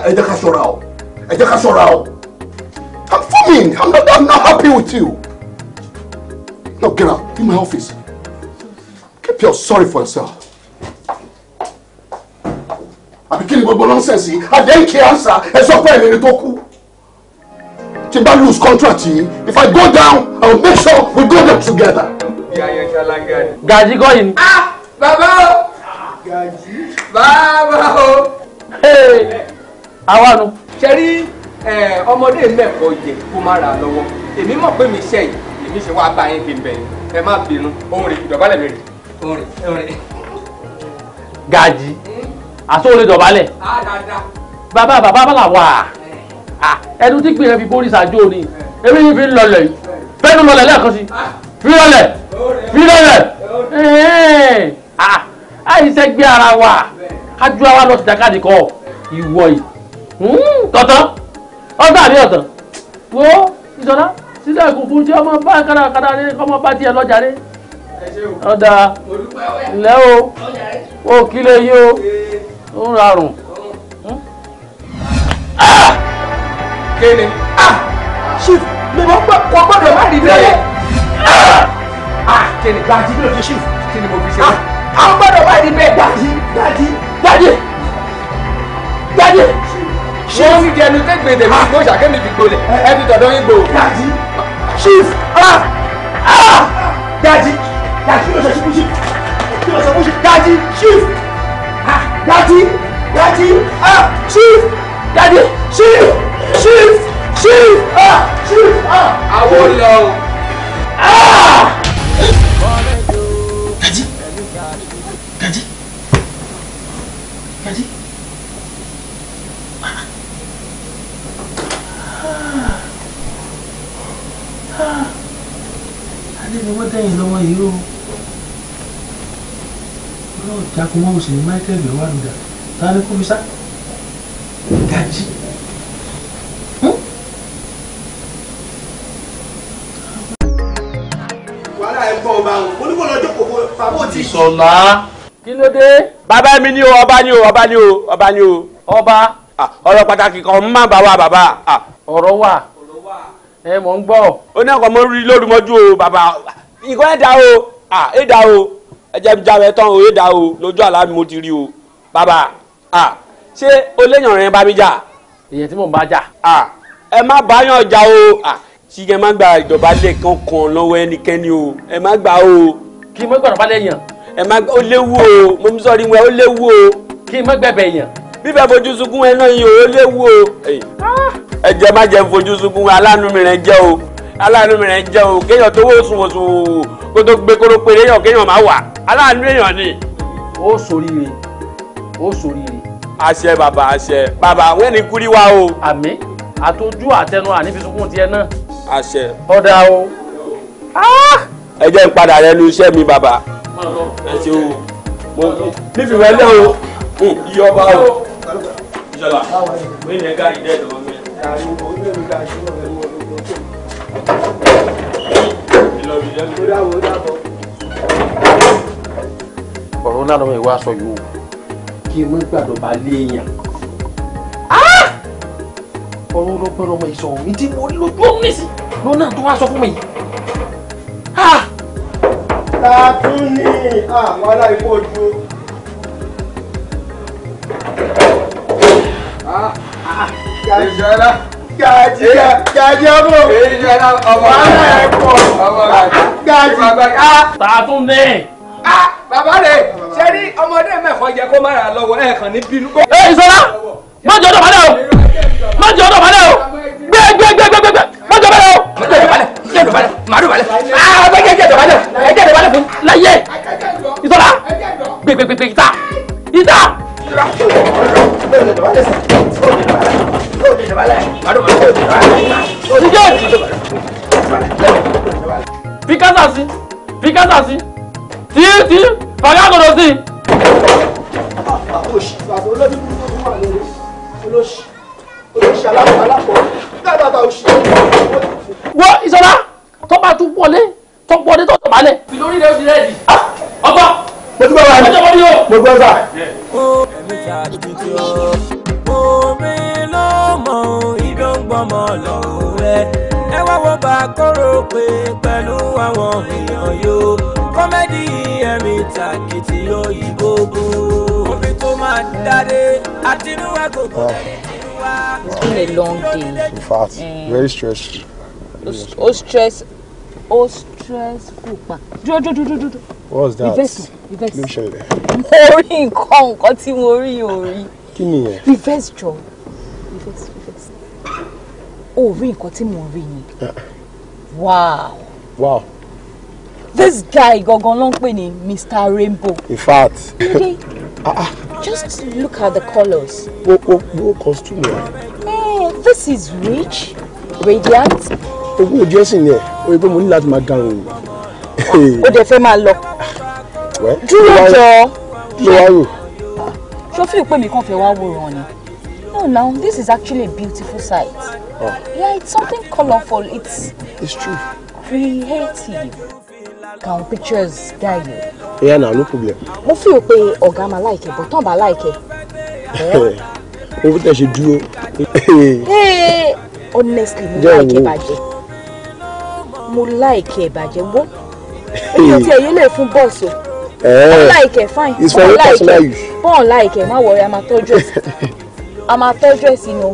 ẹ jẹ́ ká ṣọ́ra o ẹ jẹ́ ká ṣọ́ra o i'm fuming i'm not i'm not happy with you now get out in my office keep your sorry for yourself. àbí kí ni gbogbo nonsense yìí àdéhùn kí ansa ẹ sọ pé ẹ̀mí ni tó kú tí n lose contract yìí if I go down I will make sure we go down together. Gaji kọ́ yìí. ah bàbá o gàjí bàbá o. àwa nu. ṣe rí ọmọdé mẹ́kọ̀ọ́ yẹ kó má ra lọ́wọ́ èmi mọ̀ pé mi ṣe yìí èmi ṣe wáá bá yín fi bẹ̀yìn ẹ má bínú òun rè ìdọ̀bálẹ̀ mi rè òun rè òun rè. gàjí àti òun rè dọ̀bálẹ̀. Ah, bàbá bàbá bàbá wà. Ah, ẹnu tí pìyàn fi borí ṣàjò ni èmi yìí fi ń lọlẹ̀ yìí bẹ́ẹ̀ni lọlẹ̀ lẹ́ẹ̀kan sí fi lọlẹ̀ fi lọlẹ̀ ah, àìsẹ́ gbé ara wa kájú ara lọ sí jákàdì kọ ìwọ yìí hmm, tọ̀tàn ọ̀tàn àbí ọ̀tàn wo ìṣọ̀lá sílẹ̀ kò fún tí ọmọ bá kàdàkàdà rẹ ọmọ bá tiẹ̀ lọ́jà rẹ ọ̀dà ńlẹ́ o ó kílẹ̀ yìí o ó ń rarùn. Hmm. Ah! kéde. Ah! chief mi mo gbọ́ kò gbọ́dọ̀ má rí bẹ́ẹ̀. Ah! Ah! kéde gbajú kí ló fi chief kí ni mo fi ṣe. a gbọ́dọ̀ má rí bẹ́ẹ̀ gbajú gbajú gbajú gbajú. ṣé o ti di ẹnu tẹ́ gbèdè mi kó ṣàkémi fi gbolẹ̀ eh. ẹ fi tọ̀dọ̀ yín gbò. gbajú chief gbajú gbajú ló ṣe ṣubú chief kí ló ṣe ṣubú chief gbajú chief gbajú gbajú chief gbajú chief chief chief ah chief ah. àwọn olè o. Ah! Gaji Gaji Gaji. Ah! Ah! adé ni wọ́n dẹ́yìn lọ́wọ́ yìí o lọ́ọ̀ dákun wọn ò sì ní Michael ìwádùn dà ta ni kó fi sá Gaji. ẹ̀gbọ́n ọba o mo ní kó lọ jókòó fún bàbá òtí. sọlá. kí ló dé. bàbá mi ni o ọba ni o ọba ni o ọba ni o ọba. ọ̀rọ̀ pàtàkì kan má bá wa bàbá. ọ̀rọ̀ wà ẹ mọ̀ ń gbọ́. ó ní ọkọ̀ mo rí lórúmọ́jú o bàbá ìkọ́ ẹ̀dá o ẹ̀dá o ẹ̀jẹ̀ mi jáwé tán o ẹ̀dá o lójú àlá mi mo ti rí o bàbá ṣé o léyàn rẹ̀ bá mi jà. èyàn tí mò ń bá jà. ẹ má báyàn jà o Si kẹ́ má gba ìdọ̀bálẹ̀ kankan lọ́wọ́ ẹnikẹ́ni o ẹ má gbà o. kí n má gbà ìdọ̀bálẹ̀ yàn. ẹ má ó léwu o mo ń sọrí wẹ ó léwu o. kí n má gbẹ̀bẹ̀ yàn. bíbẹ̀ fojú sunkún ẹ náà yìí ó léwu o. ẹ jẹ́ má jẹ́ fojú sunkún aláàánú mi rẹ̀ jẹ́ o aláàánú mi rẹ̀ jẹ́ o kéèyàn tó wò sùn wò sùn kó tó gbé kóró péré yàn kéèyàn má wà aláàánú èèyàn ni. ó ṣoríire ó ṣoríire. àṣẹ bàbá àṣẹ bàbá wẹ́ni kúrí wa o. àmín àtọjú àtẹnu ànífisùnkún tiẹ̀ náà àṣẹ. ọ̀dà o. Ah! ẹ jẹ́ n padà rẹ lu iṣẹ́ mi bàbá. ẹ ṣe o mo nífi wẹ́ lẹ́ o iye hmm, ọba o. ìṣọlá mo ní ẹ̀ka ìdẹ́ ìdọ̀wọ́ mi. ọ̀rọ̀ náà lọ́wọ́ ìwà aṣọ yìí o. kí n mọ́ gbàdọ̀ bá lé èèyàn ọ̀rọ̀ ọlọ́pẹ́ lọmọ ìṣọ̀ òní tí mo lójú ọ̀hún nísì lọ́nà tó wá sọ fún mi. tààtún ní àwọn aláìpọ̀ ju. jàjàrà jàjìjà jàjàbọ̀ jàjàrà ọmọ aláìpọ̀ jàjìjà. tààtún ní. bàbá rẹ̀ ṣe ní ọmọdé mẹ́fọ́ jẹ́ kó má ra lọ́wọ́ ẹ̀ kàn ní bínú. ẹ ìṣọ́lá má jọ́dọ̀ padà o mọ́jọ́ ọ̀dọ̀ balẹ̀ o gbé gbé gbé gbé gbé mọ́jọ́ balẹ̀ o mọ́jọ́ ọ̀dọ̀ balẹ̀ jẹ́ ọ̀dọ̀ balẹ̀ màá balẹ̀ aa ọ̀dọ̀ jẹ́ ọ̀dọ̀ balẹ̀ ah, ẹ jẹ́ ọ̀dọ̀ balẹ̀ fún láyé ìtọ́lá gbé gbé gbé ìta ìta. Pikasa si, Pikasa si, tí tí, Fagagoro si. Olóṣì, olóṣì wọ ìṣọlá tó bá tún wọlé tó wọlé tó tọ̀ balẹ̀. ìlórí rẹ ó rẹ́ẹ̀dì. Ah! ọgbọ́. mo ti gbọ́ wa ni mo gbọ́ sà. omi ló mọ ibi ó ń gbọmọ lọ́wọ́ rẹ ẹ wá wọ́n bá kóró pé pẹ̀lú àwọn èèyàn yóò kọ́mẹ́dì ẹ̀mí tàkìtì òyìnbó bú omi tó máa dáre àtinúwá kò kọ́. It's been a long day. In fact, mm. very stressful. Oh stress, Oh stressful pa. Dúró dúró dúró dúró. What's that? Reverse, reverse. Ló ń ṣẹlẹ̀. Mo rí nǹkan nǹkan tí mo rí yóò rí. Reverse jọ. Reverse reverse. O rí ah. Wow. Wow. This guy got ló ń pè ní Mr. Rainbow. In fact. Ah, ah. Just look at the colors. Oh, oh, oh, costume. Eh, hey, this is rich, radiant. Owó ojú ẹ̀sìn yẹn, o yẹ pé mo ní láti máa dáhùn. O dẹ̀ fẹ́ máa lọ. Dúró jọ. Kí wá you Ṣé o fi pé mi kàn fẹ́ wá wòran ni? No, now this is actually a beautiful sight. Oh. Yeah, it's something colorful. It's. It's true. Creative kàwọn pictures guy yìí. ẹ̀yà náà no problem. mo fi hàn pé ọ̀gá máa láìkẹ́ bọ̀ tán bá láìkẹ́. owó tẹ̀ ṣe dúró. honestly mo láìkẹ́ bàjẹ́ mo láìkẹ́ bàjẹ́ wo èyí tí èyí lè fún bọ́ọ̀sì o. bọ́ọ̀ eh. láìkẹ́ fine bọ́ọ̀ láìkẹ́ bọ́ọ̀ láìkẹ́ má wọrí a máa tọ́jú ẹ̀sìn a máa tọ́jú ẹ̀sìn ní o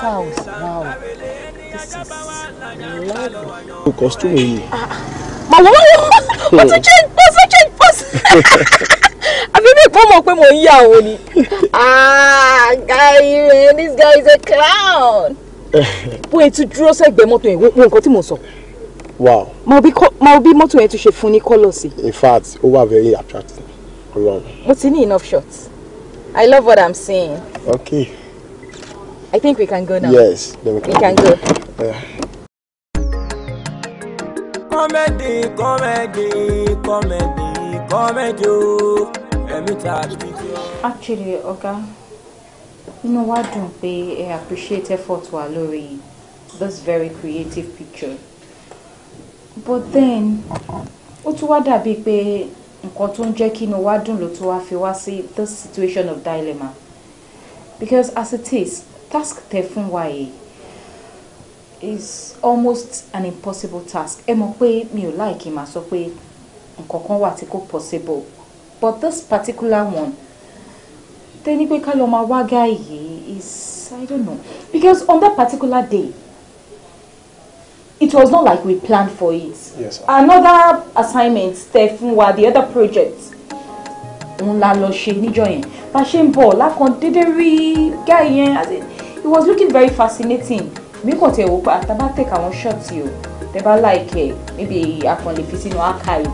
fáwọn wow this is lovely. kọ́sítúmù yìí. Ah, ah pa wọ́n wọ́n wọ́n tún change pose wọ́n change pose àbí bí ìpọ́n mọ̀ pé mò ń yà wọ́n ni ah guy man this guy is a clown bó e ti dúró sẹ́gbẹ̀ẹ́ mọ́tò yẹn wo nǹkan tí mo sọ. wow máa bí mọ́tò yẹn ti ṣe fún ní kọ́lọ̀ sí. in fact ó wà very attractive ọlọ́run. mo ti ní enough shots i love what i'm seeing. okay. i think we can go now. yes then we can, we can go. go. Yeah kọ́mẹ́dì kọ́mẹ́dì kọ́mẹ́dì kọ́mẹ́dì o ẹ̀mí ta bí jọ. actually ọ̀gá inú wa dùn pé ẹ appreciate effort wa lórí this very creative picture but then ó tún wá dàbíi pé nǹkan tó ń jẹ́ kí inú wa dùn ló tún wá fi wá sí this situation of dilemma because as it is task tẹ́ fún wa yìí is almost an impossible task ẹ mọ̀ pé mi ò láìkí máa sọ pé nǹkan kan wà tí kò possible but this particular one tẹ́ni pé ká lọ máa wá guy yìí is i don't know because on that particular day it was not like we planned for it yes, another assignment tẹ fún wa the other project òun la lọ ṣe níjọ́ yẹn bá ṣe ń bọ̀ lákan déédéé rí guy yẹn as in it was looking very fascinating mi kò tẹ̀ wò pé àtàbá tẹ̀ káwọn ṣọ́ọ̀tì o tẹ bá láìkẹ́ níbi àkànlè fi sínú archive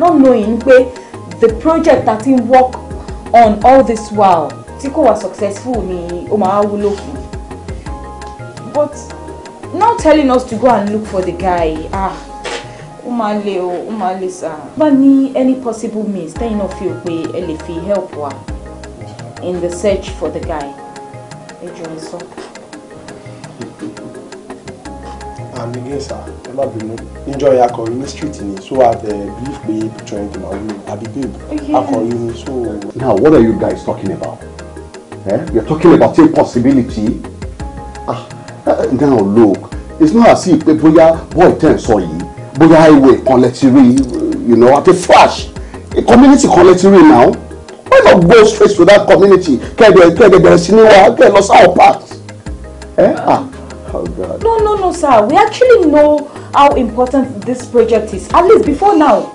not knowing pé the project that he work on all this while tí kò wá successful ni ó máa wúlò fún but not telling us to go and look for the guy ah ó máa le o ó máa le sá. bá ní any possible means tẹ́yìn náà fi hàn pé ẹ lè fi help wa in the search for the guy ẹ jọ ẹ sọ àmì gẹ́ sá ẹ má bínú Enjoy yẹn akọrin ní street ni so i eh, believe pé picture yẹn ti máa wúlò àbí babe akọrin ni so. now what are you guys talking about eh? You're talking about a possibility. ah eh, now look it's not as if pé eh, bóyá boy ten sọ yìí bóyá highway kan lẹ ti you know at a flash a community kan now why not go straight to that community kẹ́ẹ̀dẹ̀ kẹ́ẹ̀dẹ̀ bẹ̀rẹ̀ sí ní wa kẹ́ẹ̀ lọ sáwọn parts. Eh? Ah. Oh God. No, no, no, sir. We actually know how important this project is. At least before now,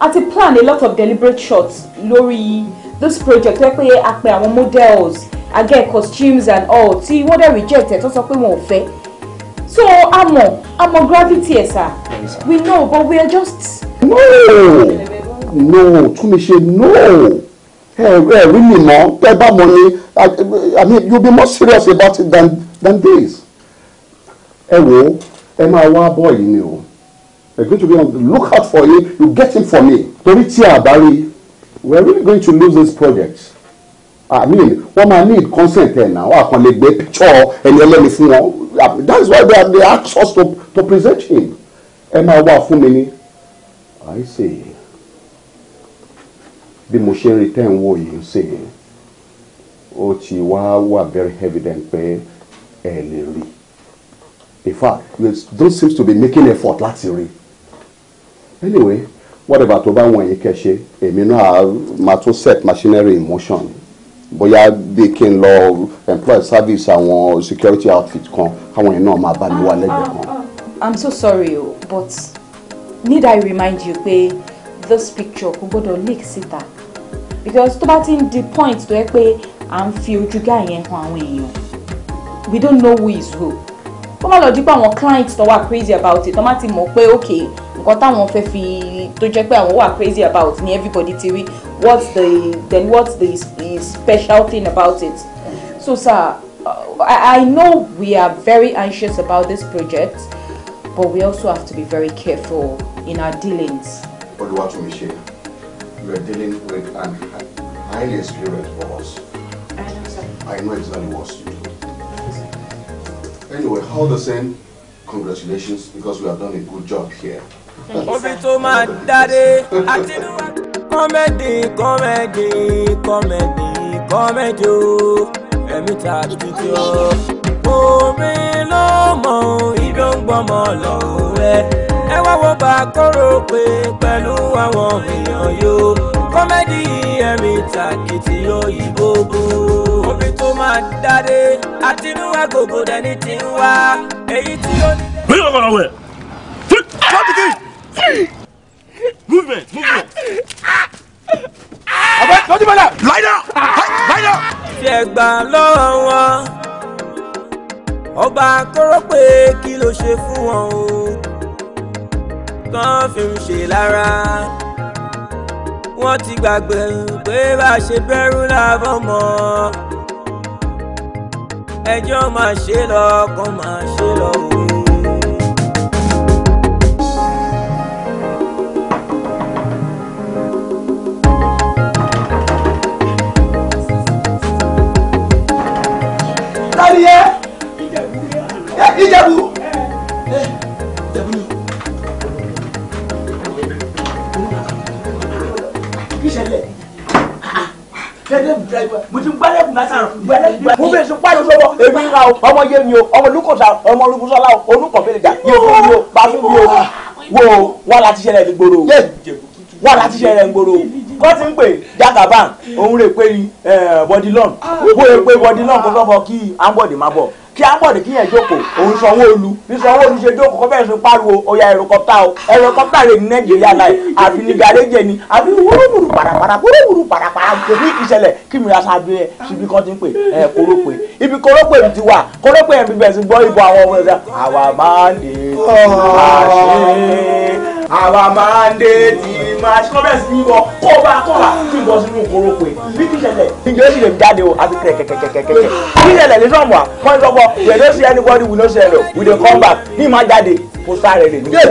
a plan a lot of deliberate shots Lori, this project. Like we a pe models, a get costumes and all. Tí wọ́n dẹ̀ reject ẹ̀ tó sọ pé wọn ò fẹ́. So amo amo gravity ẹ̀ sir. We know, but we are just. No, no, Túnmiṣe, no ẹ rí mi mọ́ tẹ́ bá mọ̀ ni I mean you be more serious about it than than this ẹ wò ó ẹ máa wá bọ̀ yìí ni o we are going to be on Look out for him you get him for me torí tí a bá rí we are really going to lose this project i mean wọ́n máa need consent ẹ̀ náà wọ́n àkànlè gbé picture ẹni ẹlẹ́ni fún wọn that is why they, are, they ask us to, to present him ẹ máa wá fún mi ní i say bí mo ṣe ń rí tẹ́ ń wò yìí ń sè ó ti wá wà very evident pé ẹ lè rí i in fact you don't seem to be making effort láti rí anyway whatever tó bá wọ̀nyí kẹ́ ṣe èmi náà máa tún set machinery in motion bóyá bí kí n lọ employ service àwọn security outfit kan káwọn yẹn náà máa bá mi wá lẹ́gbẹ̀ẹ́ kan. i'm so sorry o but need i remind you pé this picture kò gbọ́dọ̀ leak síta because tó bá ti ń di point tó yẹ pé à ń fi ojú gá yẹn hàn àwọn èèyàn we don't know who is who kó má lọ dípò àwọn client tó wà crazy about it tó má ti mọ̀ pé ok nǹkan táwọn fẹ́ fi tó jẹ́ pé àwọn wà crazy about ni everybody ti rí what's the then what's the special thing about it so sir uh, I, I know we are very anxious about this project but we also have to be very careful in our dealings. Oluwatumise, you are dealing with an highly experienced boss. I know, sir. I know exactly what you Anyway, all the same, congratulations because we have done a good job here. Obi tó máa dáre àtinúwá. Kọ́mẹ́dì kọ́mẹ́dì kọ́mẹ́dì kọ́mẹ́dì o, ẹ̀mí ta títí o. Orin ló mọ̀ ibi ó ń gbọ́mọ lọ rẹ̀. Ẹ wá wo bá kóró pé obìnrin tó máa dáre àti inú agogo dẹni tí ń wá èyí tí ó ní. bẹ́ẹ̀ ló kọ́ra wẹ̀. movement movement. ọbẹ̀ lọ́jú bẹ̀rẹ̀ lie down lie down. fi ẹ̀gbà lọ́wọ́ ọba kọ́rọ́ pé kí ló ṣe fún wọn o tán fi ń ṣe lára wọ́n ti gbàgbé pé bá a ṣe bẹ̀rù làbọ̀ mọ́ ẹjọ́ máa ṣe lọ kàn máa ṣe lọ òwe. Ìjẹ̀bú. Ìjẹ̀bú. mo ti gbálẹ̀ kùn láti rẹ̀. mo ra o ọmọ yé mi o ọmọ lukosa ọmọ lukusọ́lá o olùkọ́fẹ́lẹ́dà yé fún mi o pa ah. mi o wo wà láti ṣẹlẹ̀ ní gbòòrò wà láti ṣẹlẹ̀ kọ́ ti ń pè jagaban òun rè pé bodilon ah. wo pé bodilon kò sọ́fọ́ kí ambode má bọ̀ kí Ambode kí yẹn jókòó òun Sanwó-Olú bí Sanwó-Olú ṣe jókòó kó bẹ́ẹ̀ pariwo ọya ẹ̀rọkọ́pítà o ẹ̀rọkọ́pítà rẹ̀ ní Nàìjíríà láì àfi ní gàdéjẹ ni àfi wúrúwúrú parapara wúrúwúrú parapara kò ní ìṣẹ̀lẹ̀ kí mi ra sábẹ́ ẹ̀ síbi kan ti ń pè ẹ̀ kórópè ibi kórópè mi ti wà kórópè yẹn bíbẹ̀ sí gbọ́ ibò àwọn ọmọ ẹ̀dá àwa máa ń dé tí máa ṣe kọ́bẹ̀sì ní ibọ̀ kó bá kó bá kí n bọ́ sínú ìkóró pé bí kí ǹjẹ́ ó sì lè jáde o àti kẹ̀kẹ̀kẹ̀kẹ̀kẹ̀ kí ṣẹlẹ̀ ní sọ̀mù à kọ́ ní sọ́kọ́ we no see anybody we no see hello we dey come back ní ìmá jáde pósítà rẹ̀ lè ní kó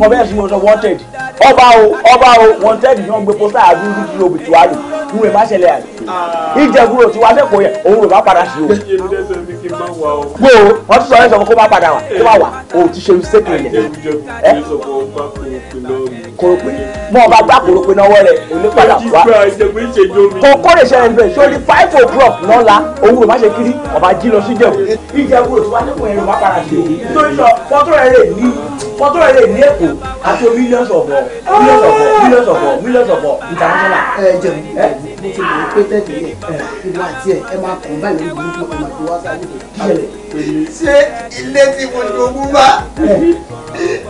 kọ́bẹ̀sì mo sọ wanted ọba o ọba o wanted ni wọ́n gbé pósítà àdúgbò irú ẹ̀ ṣẹlẹ̀ àyè ah. ìjẹkúrò tí wàá dẹ́kun yẹn òun rẹ̀ bá padà sí o. gbé o wọ́n ti sọ ẹ́ sọ fún kó má padà wà kó má wà o ti ṣe ṣépè yẹn. koropin mọ ọba gbá koropin náà wọlé onípadà wá kókó lè ṣẹlẹ̀ níbẹ̀ sórí five o'clock lọ́la òun rẹ̀ má ṣe kiri ọba jí lọ sí jẹun ìjẹkúrò tí wàá dẹ́kun yẹn rẹ̀ bá padà sí o nítorí sọ fọ́tò lè ní fọ́tò lè ní èkó àti millions mo ti mọ̀ pé tẹ́tẹ̀lé ẹ̀ ìwà àti ilé tí mo ti ogún bá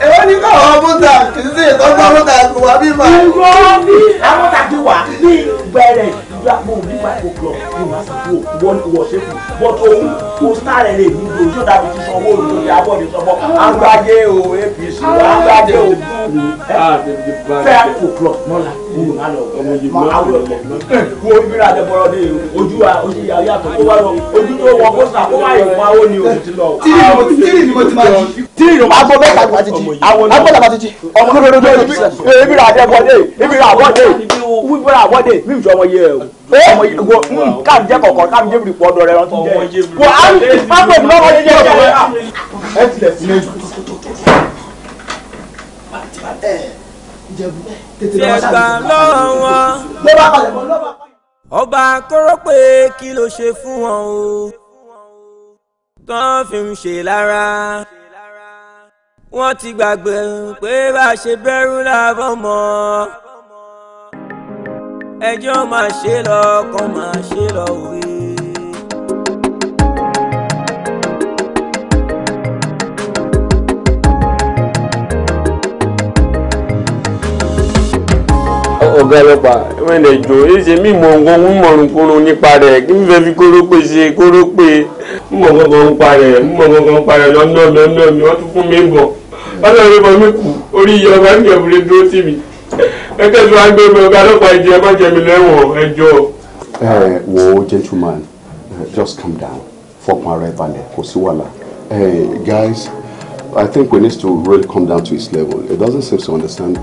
ẹ wọ́n ní káwọn ọmọọta kì í ṣe ìtọ́jú ọmọọta kò wá bí mà. ìwọ bí amọ̀ta ti wà ní gbẹ̀rẹ̀ ìgbà mo ní bá kò ní wàá sọ fún wọn wọ ṣe but òun kò sáré lè ní ojú ọ̀dà ti sanwó òun lórí abọ́ sọ́mọ́ àgbáyé o apc àgbáyé o ah, fẹ́ kò lọ mọ́la mo má lọ mọ àwọn ọ̀pọ̀ wo bíra àdẹ́bọ̀rọ̀ ni ojú ojú ìyá yàtọ̀ kó wá lọ ojú tó wọ kó sà kó wá yẹ wá ó ní oṣù ti lọ. tírì ni mo ti máa jí. tírì ni mo ti máa jí. agbo mẹ́ta ti jí agbo mẹ́ta ti jí ọmọ mi lóde lóde lóde ibira àdẹ́bọ̀dé ibira àwọ̀dé ibira àwọ̀dé mi ìjọ ọmọ yẹ o ọmọ yẹ wo káàmì jẹ kọ̀ọ̀kan káàmì jẹ bìrì pọ̀ ọ̀dọ̀ rẹ̀ rántí jẹ wo àmì pápẹ́ mi lọ́wọ́ yẹ jẹ ẹ tilẹ̀ sílẹ̀ jù. Ìjẹ̀bú tètè lọ́wọ́ sáré. ṣẹ̀gbà lọ́wọ́. ló bá palẹ̀ mọ́ ló bá palẹ̀. ọba kọ́rọ́ pé kí ló ṣe fún wọn o tán fi ń ṣe lára wọ́n ti gbàgbé pé bá a ṣe bẹ̀rù láàbọ̀ mọ́ ẹjọ́ máa ṣe lọ kọ́ máa ṣe lọ òwe. ọ̀gá ọlọ́pàá ẹ̀wẹ̀lẹ̀ jọ mi mọ̀ nǹkan ń mọ̀rùn kúrò nípa rẹ̀ kí n fẹ́ fi kórópè ṣe kórópè ń mọ̀ kankan ń parẹ̀ ń mọ̀ kankan ń parẹ̀ lọ́nà lọ́nà mi wọ́n tún fún mi bọ̀ wọ́n tún fún mi kù orí iye ọba mi ọ̀bùrẹ́ dúró tì mí ẹgbẹ́ tí wọ́n gbé mi ọ̀gá ìjẹ má jẹ mi lẹ́wọ̀n ẹjọ́. ẹ wo gentleman eh, just calm down fọkàn ara ẹ balẹ̀ kò sí wàhálà eh, guys I think we need to really come down to his level. He doesn't seem to understand.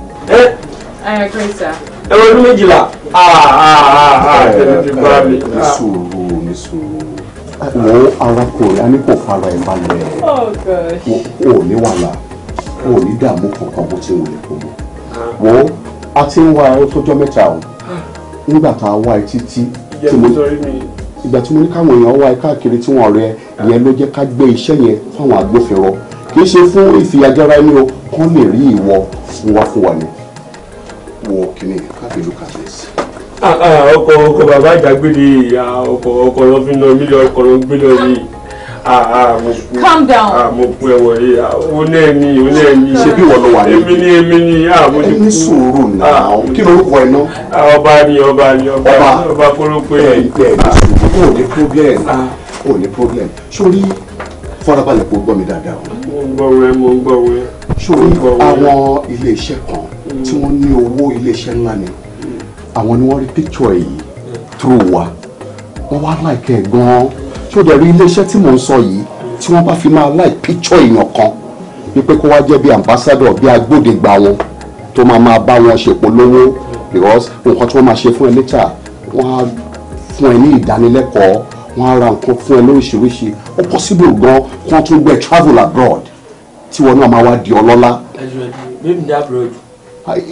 I agree, sir ẹ̀rọ ọdún méjìlá. Ah, ah, ah, ní sùúrù ní sùúrù wo arákùnrin a ní kò fara ẹ̀ balẹ̀ oh, o ò ní wàhálà o ò ní dààmú kankan bó ti wùlẹ̀ kó mọ̀ wo a ti ń wá ẹ tọjọ́ mẹ́ta o nígbà tá a wá ẹ títí ìgbà tí mo ní káwọn èèyàn wá ẹ káàkiri tí wọ́n rẹ yẹn ló jẹ́ ká gbé iṣẹ́ yẹn fáwọn agbófinró kì í ṣe fún ìfìyàjẹra ẹni o kán lè rí ìwọ fún wa fún wa ni wo káfí look at ọkọ̀ ah, ah, ọkọ̀ bàbá ìjàgbére ọkọ̀ ọkọ̀ lọ fi ná mílíọ̀nù ọkọ̀ lọ gbé lọ yìí ah, down mo pe ẹwọ yìí o ní ẹni o ní ẹni ṣe bí wọn lọ wà yìí èmi ni èmi ni mo ti kú ẹni sùúrù náà kí ló wọ iná. ọba ni ọba ni ọba ọba kórópé. ẹ ẹ ní sùúrù ní problem o ní problem sórí farabalẹ̀ kó gbọ́ mi dáadáa mo ń gbọ́ wẹ́ mo ń gbọ́ wẹ́. sórí àwọn ilé kan tí wọ́n ní owó iléeṣẹ́ ńlá ni àwọn ni wọ́n rí picture yìí through wa wọ́n wá like ẹ̀ gan-an tí ó dẹ̀ rí iléeṣẹ́ tí mò ń sọ yìí tí wọ́n bá fi máa like picture èèyàn kan wípé kó wá jẹ́ bí ambassador bí agbódegbà wọn tó máa máa bá wọn ṣèpolówó because nǹkan tí wọ́n máa ṣe fún ẹ later wọ́n á fún ẹ ní ìdánilẹ́kọ̀ọ́ wọ́n á ra nǹkan fún ẹ lóríṣiríṣi ó possible gan kí wọ́n tún gbé travel abroad tí wọn náà máa wá di ọlọ́lá. ẹ jù ẹ bí ní abroad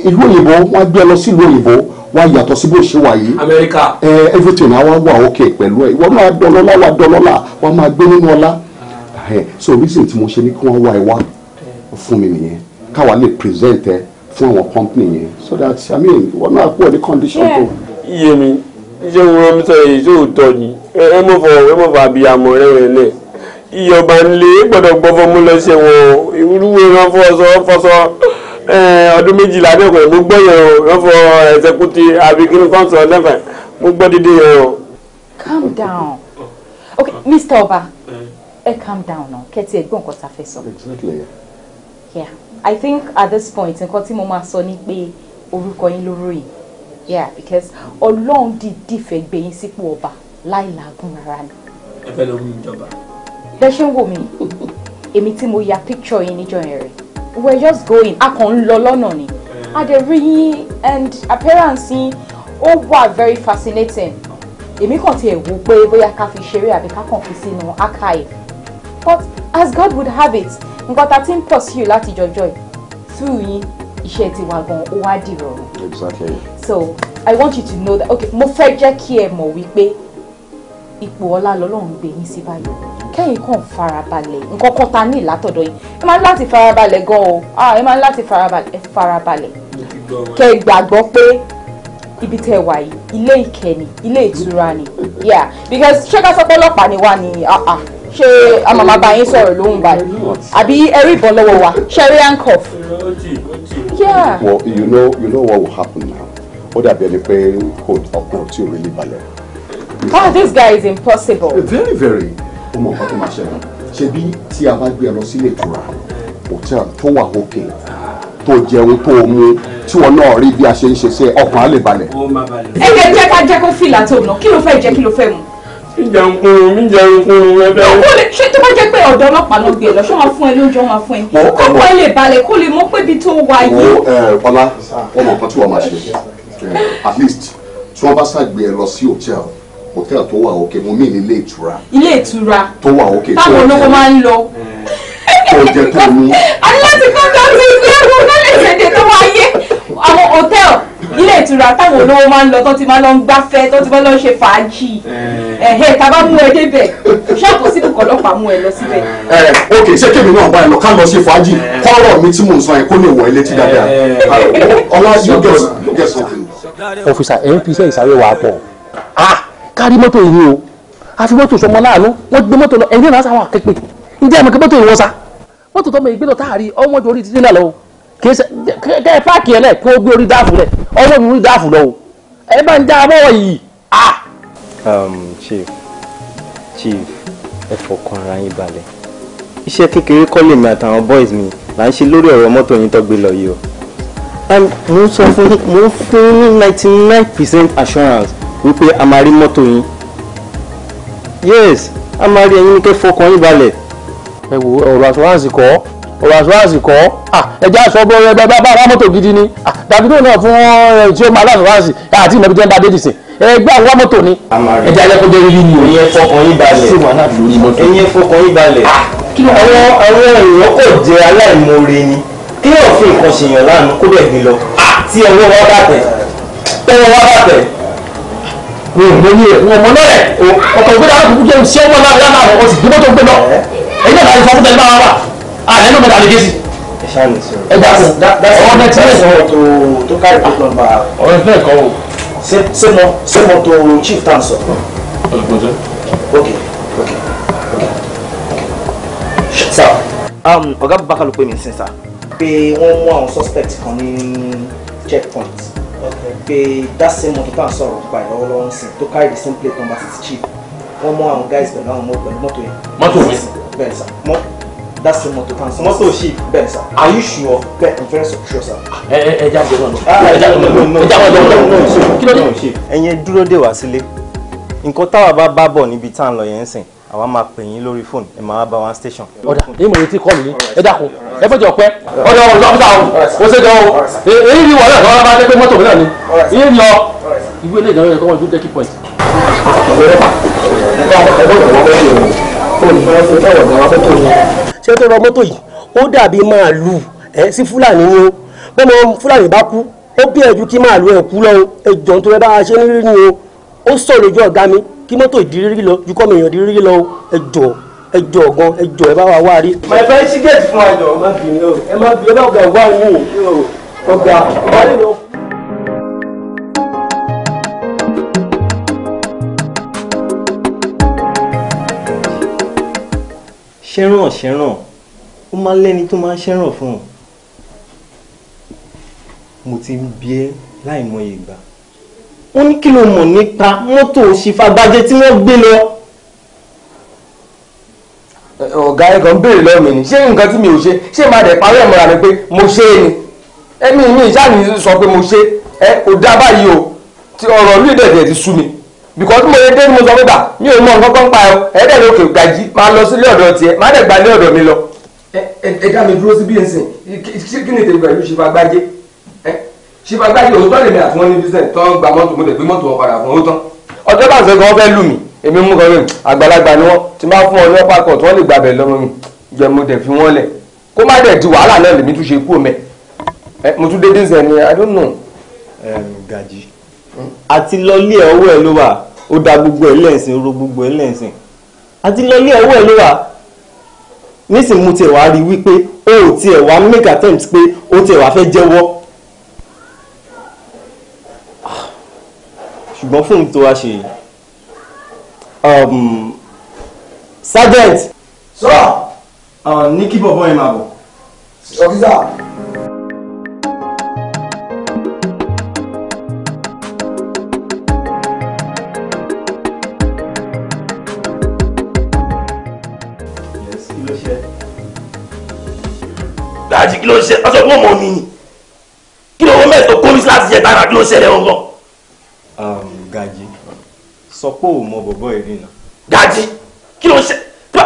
ìlú òyìnbó wọ́n gbé ẹ lọ sí ìlú òyìnbó wọ́n yàtọ̀ sí bó ṣe wà yìí Amẹ́ríkà ẹ everything á wọ́n wà ok pẹ̀lú ẹ wọ́n máa dọlọ́lá wà dọlọ́lá wọ́n máa gbé nínú ọlá so reason tí mo ṣe ní kí wọ́n wá ẹ wá fún mi nìyẹn káwa lè present ẹ fún àwọn company yẹn so that i mean wọ́n náà kú ẹ ní condition tó. iye mi iṣẹ́ wo ọmọ sọ èyí tó tọ́ ni ẹ mọ̀ fọ ẹ mọ̀ fọ àbíyamọ rẹ̀ rẹ̀ lẹ̀ ìyọ̀bà ńlẹ̀ gbọ́dọ̀ gbọ́fọ́ mú lọ ṣẹ̀wọ̀n ìwúrúwé rán fọ́ sọ fọ́ sọ ọdún méjìlá dẹ́kun mo gbọ́ yẹn o wọ́n fọ ẹ̀sẹ̀ kú ti lẹ́fẹ̀ mo gbọ́ dídé yẹn o. calm down ok mr ọba ẹ calm down now kẹ́tì ẹ̀gbọ́n nǹkan tá a fẹ́ sọ. yeah i think at this point nǹkan tí mo máa sọ ni pé orúkọ yín lóró yìí yeah because ọlọ́run dìídì fẹ́ gbé yín sípò ọba láì làágùn rárá ni. ẹ fẹ́ lọ mú ìjọba. bẹ́ẹ̀ ṣe ń wò mí èmi tí mo ya picture yín níjọ́ yẹn rèé we're just going a kàn ń lọ lọ́nà ni a dẹ̀ rí yín and appearance yín ó wà very fascinating èmi kàn tiẹ̀ wò pé bóyá ká fi ṣeré àbí ká kàn fi sínú archive but as God would have it nǹkan tá a ti ń pursue láti jọjọ́ through yín iṣẹ́ ti wà gan ó wá dìrọ̀rùn. exactly. so I want you to know that okay mo fẹ́ jẹ́ kí ẹ mọ̀ wípé ipò ọlá lọ́lọ́run gbé yín sí báyìí kẹ́yìn kàn farabalẹ̀ nǹkan kan ta ní ìlátọ̀dọ̀ yìí ẹ máa ń láti farabalẹ̀ gan o ah, ẹ máa ń láti farabalẹ̀ kẹ́ ẹ gbàgbọ́ pé ibi tẹ́ wà yìí ilé ìkẹ́ ilé ìtura ni yeah because ṣé ká sọ pé ọlọ́pàá ni wà ní ah, ah. ṣé a máa máa bá yín sọ̀rọ̀ lóhùn báyìí àbí ẹrí ìbọn lọ́wọ́ wa ṣẹ́rí handcuff. yeah. well you know you know what will happen now ó dàbí ẹni pé kò ọkùnrin tí ò rí ní balẹ̀. ah this guy is impossible. very very ó mọ nǹkan tó máa ṣẹlẹ̀ ṣebí tí a bá gbé ẹ lọ sílé ìtura hòtẹ́ẹ̀lì tó wà òkè tó jẹun tó mu tí wọn náà rí bí a ṣe ń ṣe ṣe ọkàn á lè balẹ̀. ẹ jẹ́ jẹ́ ká jẹ́ kó fìlà tó nà kí ló fẹ́ jẹ́ kí ló fẹ́ mu jẹun kunu mi jẹun kunu ẹbẹ. kó lè ṣe tó bá jẹ́ pé ọ̀dọ̀ ọlọ́pàá ló gbé e lọ ṣé wọ́n fún ẹ lóúnjẹ wọ́n fún ẹ kókó ẹ lè balẹ̀ kó lè mọ̀ pé ibi tó wà yìí. ọlá ọmọ kan tí wọn máa ṣe at least tí wọn bá ṣàgbé ẹ lọ sí hòtẹ́ẹ̀lì hotel tó wà òkè mo mí ní ilé ìtura. ilé ìtura tó wà òkè tó táwọn olówó máa ń lọ. tó jẹ tó mú. a ní láti kọ́ ká sí ilé ìwé lọ́lẹ́sẹ̀dẹ̀ tó wá yé àwọn hotel ilé ìtura táwọn olówó máa ń lọ tó ti máa lọ ń gbáfẹ́ tó ti máa lọ ń ṣe fàájì eh. ẹ̀hẹ́ tá a bá mú ẹ débẹ̀ ṣọ́ọ̀pù síbi kan mú ẹ lọ síbẹ̀. ẹ eh, ok ṣé kébì náà bá ẹ lọ ká lọ ṣe fàájì eh. kọ́rọ̀ mi tí mò ń sọ yẹn kó lè wọ ilé tí dáadáa ọlá yóò gẹ̀ẹ́sì. ọfíìsà ẹ̀ ń fi iṣẹ́ ìsáré wà á pọ̀. ah kárí mọ́tò yìí o àfi mọ́tò sọmọ láàánú wọ́n gbé mọ́tò lọ ẹ̀yìn náà sáwọn akẹ́pẹ́ ǹjẹ́ àmọ́ mọ́tò yìí wọ́n sa mọ́tò tó ìgbé lọ táàrí ọmọ jù orí títí náà lọ o kì ẹ páàkì ẹ̀ lẹ̀ kó o gbé orí dáàfù lẹ̀ ọwọ́ mi orí dáàfù lọ o ẹ bá ń já abọ́wọ̀ yìí a. Um, chief chief ẹ fọkàn ara yín balẹ̀ iṣẹ́ kékeré kọ́ lèmi àtàwọn boys mi là ń ṣe lórí ọ̀rọ̀ mọ́tò yín tó gbé lọ yìí o mo um, ń sọ fún mo ń fún ninety nine percent assurance wípé a máa rí mọ́tò yín yes a máa rí ẹyin ní kẹ́ fọkàn yín balẹ̀. ẹ wo ọ̀rọ̀ àṣùwáǹsì kọ́ ọ̀rọ̀ àṣùwáǹsì kọ́ ẹja aṣọ ọgbọ́n ẹgbẹ́ bá bá mọ́tò gidi ni dàbí tó náà fún ẹ tí ó máa láṣùwáǹsì àti ìmọ̀bí jẹ́ ń bá dé dìsìn ẹgbẹ́ àwọn mọ́tò ni. ẹja ẹlẹ́kùn dé rírí ni o ẹ̀yin fọkàn yín balẹ̀ ẹ̀yin fọkàn yín balẹ̀ àwọn àwọn èèyàn kò jẹ́ aláìmoore ni kéèyàn fi nǹkan ṣèyàn lánàá kó dẹ̀ gbin lọ tí ọwọ́ wa bàtẹ̀ tọ́wọ́ wa bàtẹ̀ wọn ò mọyé rẹ wọn ò mọ lọrẹ ọkọ ògbé dáná kúkú jẹun sí ọmọ náà lánàá àwọn ọsì gbọmọtò gbé lọ ẹ̀yìn náà láti fọwọ́ tẹ̀lé báwa wà á lẹ́nu mẹ́ta lè gẹ̀ẹ́sì. ẹ dá sí ọwọ́ náà ti rẹ̀ sọ̀rọ̀ tó tó kárí tó lọ bá ọ̀rẹ́ bẹ́ẹ̀ kọ́ o. ṣé chief tan sọ. ọ̀gbọ̀dọ̀. ok ok ok ok sir. Um, ọ̀gá Bùbákà ló pè mí sí sir. pé wọ́n mú àwọn suspect kan ní checkpoint pé that same motor tá à ń sọ̀rọ̀ nípa ìlọ́wọ́lọ́wọ́ ń sìn tó carry the same plate number six chief wọ́n mọ àwọn guys pẹ̀lú àwọn pẹ̀lú mọ́tò yẹn. mọ́tò mi bẹ́ẹ̀ sà mọ́ that same motor tá à ń sọ̀rọ̀. mọ́tò chief bẹ́ẹ̀ sà. are you sure. bẹ́ẹ̀ i'm very sure sà. ẹ ẹ ẹ jáde náà lọ ẹ jáde náà lọ ẹ jáde náà lọ kí ló dé. ẹ̀yin dúró dè wá sílé nǹkan táwa bá bá bọ̀ níbi tá à ń lọ yẹn ń sìn àwa máa pè yín lórí fóònù ẹ máa bá wa station. ọ̀dà èyí mo retí kọ́ọ̀lù yín ẹ dákun ẹ fẹ́ jọ pẹ́ ọ̀dà ọ̀hún dókítà ọ̀hún ó ṣe jọ ọ̀hún èyí ni wọ̀lẹ́ ọ̀hún ọ̀hún ẹgbẹ́ mọ́tò náà ni èyí lọ ìwé ilé ìdáwọ́ ẹ̀kọ́ wọn ju dẹ́kì point. ṣé tó rọ mọ́tò yìí ó dàbí máa lù ẹ́ sí fúlàní ni ó bọ́mọ fúlàní bá kú ó bí ẹ̀jú kí máa lù ẹ̀ kú lọ́wọ́ ẹ̀jọ̀ tó rẹ bá a ṣe nírí ni o ó sọ lójú ọ̀gá mi kí mọ́tò ìdírírí lọ ju kọ́mọ èèyàn ìdírírí lọ ẹjọ́ ẹjọ́ gan ẹjọ́ ẹ bá wa wá rí. màá fẹ́ sí géètì fún àjọ ẹ má fi ẹ má fi ẹ bá ọ̀gá ẹ̀ wá yín ọ̀gá ọ̀gá lè lọ. ṣẹ́ràn ṣẹ́ràn ó máa lẹ́ni tó máa ṣẹ́ràn fún un mo ti ń bí ẹ láìmọye ìgbà ó ní kí ló mọ̀ nípa mọ́tò òṣìfagbájẹ tí wọ́n gbé lọ. ọ̀gá ẹ̀kan ń béèrè lọ́wọ́ mi ni ṣé nǹkan tí mi ò ṣe ṣé máa dẹ̀ parí ẹ̀ mọ́ra mi pé mo ṣe é ni ẹ̀mí mi ìṣáàní sọ pé mo ṣe ẹ kò dá báyìí o ti ọ̀rọ̀ ìlú ìdẹ̀dẹ̀ ti sú mi because mo yẹ dé ni mo sọ pé bà mi ò mọ nǹkan kan pa ẹ ẹ̀ẹ́dẹ̀ lókè gbàjí máa lọ sílé ọ̀dọ̀ tiẹ̀ má dẹ̀ gba ilé ṣé bàbá yìí òótọ́ lèmi àti wọn ní business tó gba mọ́tò mo lè gbé mọ́tò wọn fún ó ọjọ́ bá ń sẹ́gun fẹ́ lù mí èmi mú kan lónìí àgbàlagbà ni wọ́n ti máa fún ọ ní ọ̀pá kan tí wọ́n lè gbàbẹ̀ lọ́mọ mi jẹ́ mo dẹ̀ fi wọ́n lẹ̀ kó má dẹ̀ di wàhálà náà lèmi tún ṣe kú òmẹ̀ mo tún dédé sẹ́ni i don't know. Gaji. àti hmm? lọlé ọwọ́ ẹ ló wà ó da gbogbo ẹ lẹ́sìn ó ro gbogbo ẹ lẹ́sìn àti lọlé ọwọ́ ẹ ló wà nísìnyí make attempt pé o tiẹ̀ wá ṣùgbọ́n fún mi tó wá ṣe um, sergeant. sọ. Ah, ní kí bọ̀bọ̀ yẹn máa bọ̀. ọ̀fíìsà. dájú kí ló ń ṣe ọjọ́ gbọ́mọ mi ni kí ló wọ́n mẹ́tò kó mi sí láti jẹ tààrà kí ló ń ṣẹlẹ̀ ọ̀gbọ́n pé òun mọ bọ̀bọ̀ yìí nìyà. dadi kí ló ń ṣe tí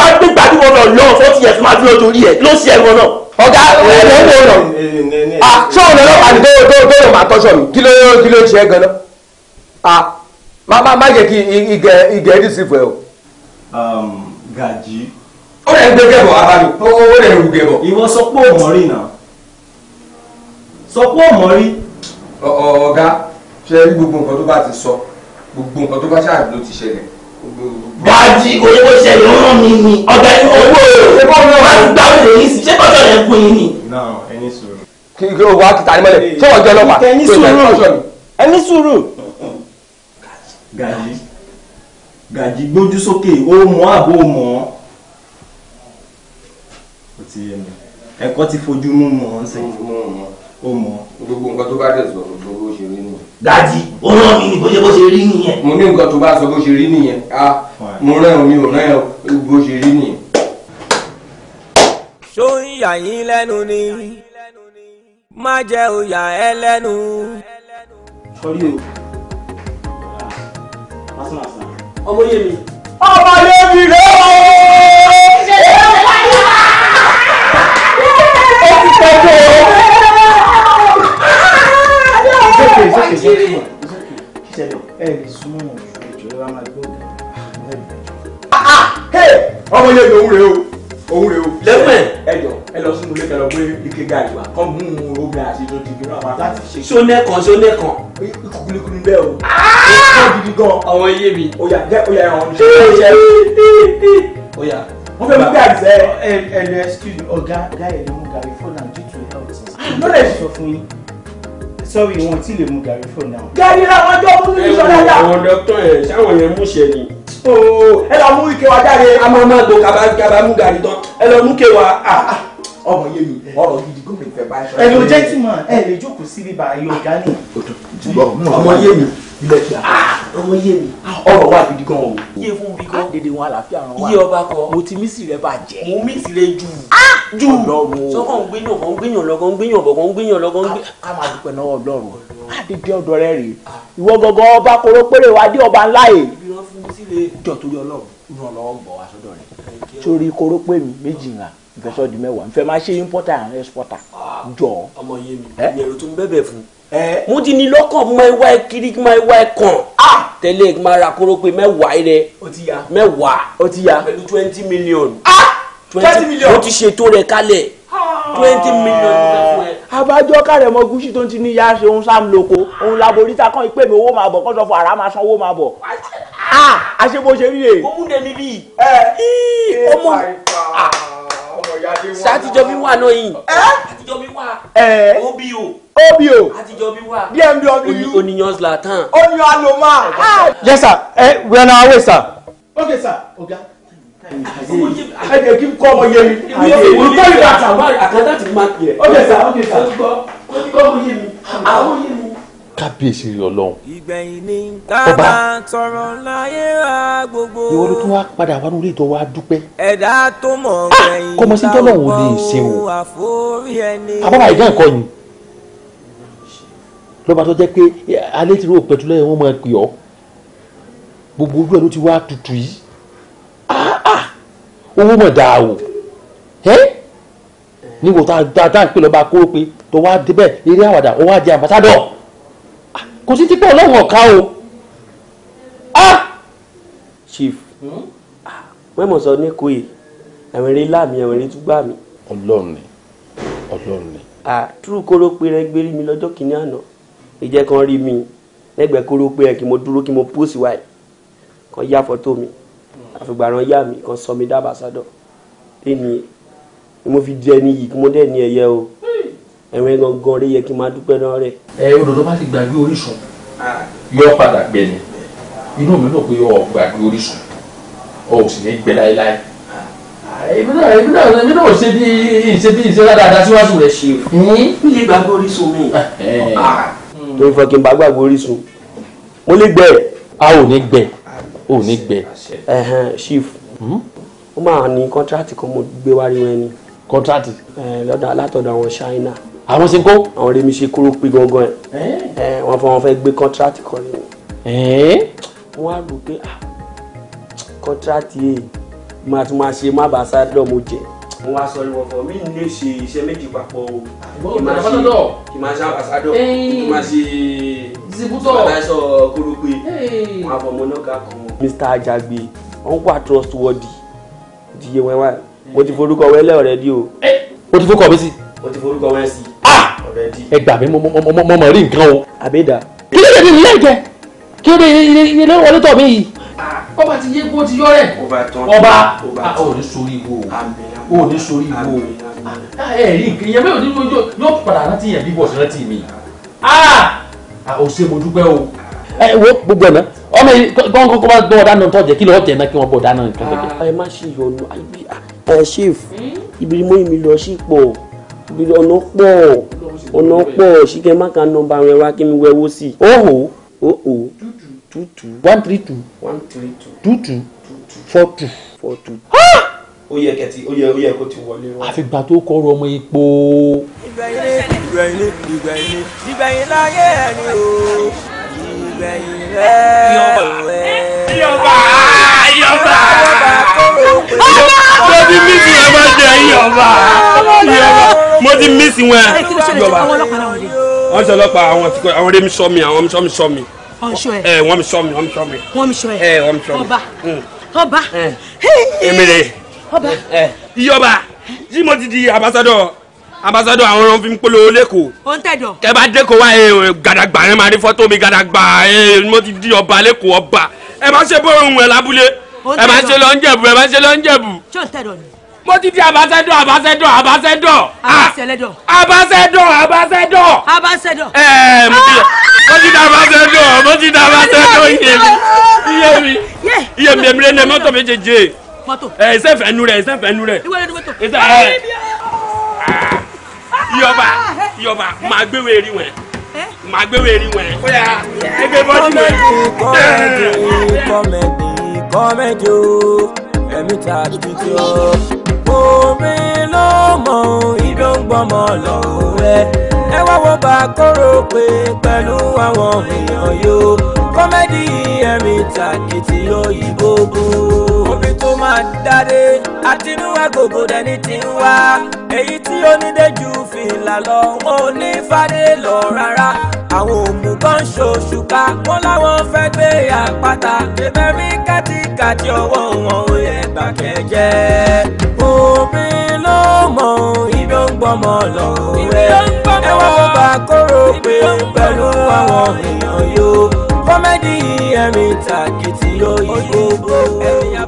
wọ́n gbé gbàdúgbò náà lọ́wọ́ fún ti ẹ̀sìn máa dúró torí ẹ̀ ló ṣe ẹ̀rọ náà. ọ̀gá ẹ̀rọ ń wò náà ṣọ́ọ̀nù ọlọ́pàá ni tó yóò máa tọ́ṣọ̀ mi kí ló kí ló ṣe é gan-an má jẹ́ kí igẹ̀ ẹ̀dí sí fún ẹ o. gàjí. ó lè gbé gẹ̀bọ̀ abami ó lè rú gẹ̀bọ̀. ìwọ sọ pé ò mọ̀ rí náà sọ pé ò mọ̀ rí. ọ̀gá ṣe gbogbo nǹkan tó bá ti sọ gbogbo nǹkan tó bá ṣáà ló ti ṣẹlẹ̀. Bàjì olówó ṣẹlẹ̀ ó rán mi ni ọ̀gá owó ìfowópamọ́ máa ń gbà wọlé yìí sí ṣé bọ́sọ̀ rẹ̀ fún yín ni. kí ló wá kìtà ní mọ́lẹ̀ ṣé wọ́n jẹ́ ọlọ́pàá tó ìfẹ́ ọ̀ṣọ́ mi. ẹni sùúrù. Gàjí Gàjí gbójú sókè ó mọ àbó mọ ẹ̀kọ́ ti fojú mú mọ́ ọ́n sẹ́yìn ó mọ. gbogbo nǹkan tó bá dẹ̀ sọ̀rọ̀ gbogbo ó ṣe rí nìyẹn gaji ó rán mi ní bó ṣe bó ṣe rí nìyẹn. mo ní nǹkan tó bá sọ bó ṣe rí nìyẹn mo rán ẹ̀ mi ò rán ẹ̀ bó ṣe rí nìyẹn. ṣó ń yà yín lẹ́nu ni má jẹ́ òyà ẹ lẹ́nu. sọrí o ọmọ yé mi. ọmọ yé mi rẹ o. ó ti pẹ́ o. okay it's okay it's okay kí ṣẹlẹ̀ ẹ lè súnmọ́ wọn ìjọ ẹ wá máa gbé òkè ọmọ yẹn lòun rèé o òun rèé o. lẹ́gbẹ̀ẹ́ ẹjọ ẹ lọ sínú ilé kẹlọ gbé ike ga ìwà kan mú un omi àti Oh di gbéra wa láti ṣe. oh yeah, oh yeah, oh yeah, oh yeah. Oh yeah, oh yeah, oh yeah, oh yeah. Oh yeah, oh yeah, oh yeah, oh yeah. wọ́n fẹ́ gbé àgbẹ̀. ẹ ẹ lọ excuse ọ̀gá gáyẹ̀ ló mú gàrí fún nàìjíríà health. lọ́dẹ̀ sọ fún yín sorry wọn ti lè mu gàrí fún náà. gàrí làwọn jọ fún mi sọ dáadáa. àwọn dọ́kítọ̀ ẹ̀ sáwọn yẹn mú ṣe ni. ooo ẹ lọ mú ike wa jáde. a máa máa lo kaba kaba mú gàrí tán ẹ lọ mú ike wa. Ah, ah, ọmọ yé mi ọ̀rọ̀ gidi gómìnà ìfẹ́ bá aṣọ. ẹ ló jẹ́ tí mà ẹ lè jókòó sí bíbá ayé ọ̀gá ni. ọmọ yé mi ilẹ̀ kí a ọmọ yé mi ah, ọ̀rọ̀ wà gidi gan o. iye fún mi kọ́ ah, dèdè wọn àlàáfíà ràn wá iye ọba kọ mo ti mísì rẹ bàjẹ́. mo mísì rẹ jù. Ah, jù sọkàn ń gbéyàn kan ń gbéyàn lọ kan ń gbéyàn bọ̀ kan ń gbéyàn lọ kan ń gbé. ká máa dúpẹ́ lọ́wọ́ ọlọ́run àdédé ọ̀dọ̀ rẹ rèé ìwọ gangan ọba koropere wa dé ọba ńlá yìí. jọ torí ọlọ́run ràn lọ́wọ́ bọ̀ wá sọ́dọ̀ rẹ. torí koropé mi méjì ń ra ìfẹsọ̀ di mẹ́wàá ìfẹ́ máa ṣe importer and exporter jọ. ọmọ yé mi ìyẹ̀rù tó ń bẹ̀bẹ̀ fún un Eh? mo ti ní lọ́kàn máa wá ẹ kiri máa wá ẹ kàn ah! tẹ́lẹ̀ máa ra kóró pé mẹ́wàá rẹ mẹ́wàá pẹ̀lú twenty million ah! twenty million mo ti ṣètò rẹ̀ kalẹ̀ ah! twenty million abájọ kárẹ̀ mọ gúúsù tó ń ti ní ya ṣe ń sáà lóko òun laborita kan ìpè mi owó máa bọ̀ kọ́sọ̀ fún ara máa san owó máa bọ̀ a ṣe bó ṣe rí rè. ó mú dẹ́ni rí i sátijọ́ mi wà náà yìí. àtijọ́ mi wà. obo. obo. àtijọ́ mi wà. dmw. oníyan zlatan. oníyan aloma. yes sir eh, we are now away, sir. okay sir oga. ẹ jẹ́ kí n kọ́ ọmọ yẹn mi. ìwé ìwé àkàtà ti máa pè é. okay sir okay sir. àwọn yẹn mi kábíyèsí rẹ ọlọ́run ọba ìwọ ló tún wá padà wá lórí ìtọ́ wa dúpẹ́ kọ́mọsí ah, tọ́lọ́run ò lè ṣe o àbábà ìdá ẹ̀kọ́ ni lọ́ba tó jẹ́ pé alẹ́ ti rò pẹ̀tù lẹ́yìn wọ́n máa pè ọ́ gbogbo ojú ẹ̀ ló ti wá tutù yìí ah, ah, owó mọ̀ dáa o níwò tá a pè lọ́ba kó o pé tó wá débẹ̀ eré àwàdà ó wá jẹ àmbàsádọ̀ kò sí tipẹ́ ọlọ́run ọ̀ka o ah chief mẹ́mọ̀ hmm? ah, sọ ní kò yìí àwọn eré láàmì àwọn eré túgbà mi. ọlọ́run ni ọlọ́run ni. àtúrú ah, kóró pé rẹ gbé rí mi lọ́jọ́ kìíní àná ìjẹ́ kan rí mi lẹ́gbẹ̀ẹ́ kóró pé rẹ kí mo dúró kí mo pósì wáyé kan yá fọ́tò mi àfìgbà ran yá mi kan sọ mi dábàá sádọ̀ lẹ́ni mo fi di ẹni yìí kí mo dẹ̀ ní ẹ̀yẹ o ẹ̀wọ̀n gangan rẹ yẹ kí n máa dúpẹ́ náà rẹ. ẹ odò tó bá ti gbàgbé orísun yọ padà gbẹ ni inú mi dùn pé ọ gbàgbé orísun ọ ò sì ní gbẹ láéláé èmi náà èmi náà èmi náà ṣe bí ṣe bí ṣe dáadáa síwájú rẹ ṣe o. mi lè gbàgbé orísun mi. Ah, ah. torí fọkì ń bá gbàgbé orísun mo lè gbẹ. a ò ní gbẹ ò ní gbẹ. chief hmm? ó máa ní kọ́ńtrátì kan mo gbé wá rí wọn ni. kọ́ńtrátì. lọ́dọ̀ látọ̀dọ̀ àwọn ṣáínà àwọn ṣe kó. àwọn rèmi ṣe kúrò pé gangan ẹ wọn fọ wọn fẹ́ gbé kọńtrátì kan ni. wọn á rò pé kọńtrátì ah, yìí máa tún máa ṣe má bàa sáré lọ́mọ jẹ. mo wá sọ ìwọ fún mi lè ṣe iṣẹ́ méjì papọ̀ o kì máa ṣe kì máa ṣe àbàsádọ kì máa ṣe zibutọ ìbáṣọ kúrò pé wọn àbọ̀ ọmọ náà ga kan. Mr. Ajagbe wọn wà trustworthy ìdíyẹ wẹ́wà mo ti forúkọ wẹ́lẹ́ ọ̀rẹ́dí o. mo ti forúkọ mi sí. mo ti forúkọ wẹ́lẹ́ sí i ẹ gbà mí mo mọ̀ rí nǹkan o. àbẹ́dà. kí ló dé ní ilé ìjẹ kí ló dé ilé wọlé tọ̀ mí yìí. Ah, ọba ti yé kó ti yọ rẹ. ọba ò ah, ní sori wo o. ní sori wo ah, ẹ rí nǹkan ìyẹn bẹ́ẹ̀ ò ní lójú yóò padà rántí yẹn bí bọ̀sán rántí mi. o, ṣe mo dúpẹ́ o. ẹ wo gbogbo ẹ̀ náà ọmọ yìí kọ́ńkọ́ kọ́ bá dọ́wọ́ dáná tó jẹ́ kí lọ́ọ́ jẹ́ náà kí wọ́n bọ̀ dáná nǹkan tó jẹ́. ẹ má ṣe ìyọnu ẹ ṣe hmm? ibi mọ́ ìmìlọ sí pọ̀ ọ̀nà pọ̀ ọ̀nà pọ̀ ṣìkẹ́ má nọmba rẹ wá kí mi wẹ́ wó sí i. oho oho oh, oh. two two one three two one three two two two four two four two. ó yẹ kẹtì ó yẹ ó yẹ kó ti wọlé wọn. àfìgbà tó kọrọ ọmọ epo. ìgbà ilé ìgbà ilé ìgbà ilé ìgbà ilé láyé ẹni o ìgbà ilé ẹ ẹ yọba yọba yọba kóró pé mo ti mísì wọn bá jẹ yọba yọba mo ti mísì wọn yọba wọn sọ ọlọ́pàá àwọn ti kọ àwọn rẹmi sọ mi àwọn sọ mi sọ mi ẹ wọn mi sọ mi wọn mi sọ mi wọn mi sọ ẹ wọn mi sọ mi ọba mm. ọba emele ọba yọba yìí mo ti di ambassador ambassadọ àwọn ọmọ fi ń polówó lẹkọọ. o ń tẹ̀dọ̀. tẹ bá dẹ́kọ̀ wá ẹ gàdàgbà ẹ máa rí fọ́tò mi gàdàgbà ẹ mo ti di ọba lẹkọọ ọba ẹ má ṣe bọ́ ohun ẹ lábúlé ẹ máa ń ṣe lọ ń jẹ̀bù ẹ máa ń ṣe lọ ń jẹ̀bù. tí ò ń tẹ̀dọ̀ ni. mo ti di abasẹ́dọ̀ abasẹ́dọ̀ abasẹ́dọ̀. abasẹ́dọ̀. abasẹ́dọ̀ abasẹ́dọ̀. abasẹ́dọ̀. ẹ mo ti mo ti di abasẹ́dọ̀ mo ti di abasẹ́dọ̀ iye mi iye mi iye mi èmi lè mọ́tò méjèèjì. mọ́tò. ẹ ẹsẹ̀ fẹ́ nu rẹ̀ ẹsẹ̀ fẹ́ rẹ̀. ẹ yọba yọba máa gbé wèrè wẹ̀ eh? máa gbé wèrè wẹ̀. ẹgbẹ́ bọ́ọ̀lù mẹ́rin kọ́mẹ́dì o ẹ̀mí tàbí tí o. omi ló mọ ìdó ń gbọmọ lọ rẹ ẹ wá wo bá kóró pé pẹ̀lú àwọn èèyàn yóò kọ́mẹ́dì ẹ̀rín tàkìtì òyìnbó bò. orin tó máa dáre àtinú agogo dẹni ti ń wá. èyí tí ó ní déjú fìlà lọ wọn ò ní fàdé lọ rárá. àwọn òmùgọ̀ ń ṣòṣùkà wọn láwọn fẹ́ gbé àpáta. ìbẹ̀rí kátikáti ọwọ́ wọn ò yẹ gbàkẹ́jẹ́. orin ló mọ ibi ó ń gbọ́mọ lọ rẹ̀. ẹ wá wọ́n bá kóró pé ó ń pẹ̀lú àwọn èèyàn yóò kọ́mẹ́dì ẹ̀rín tàkìtì òyìnbó ẹ̀yà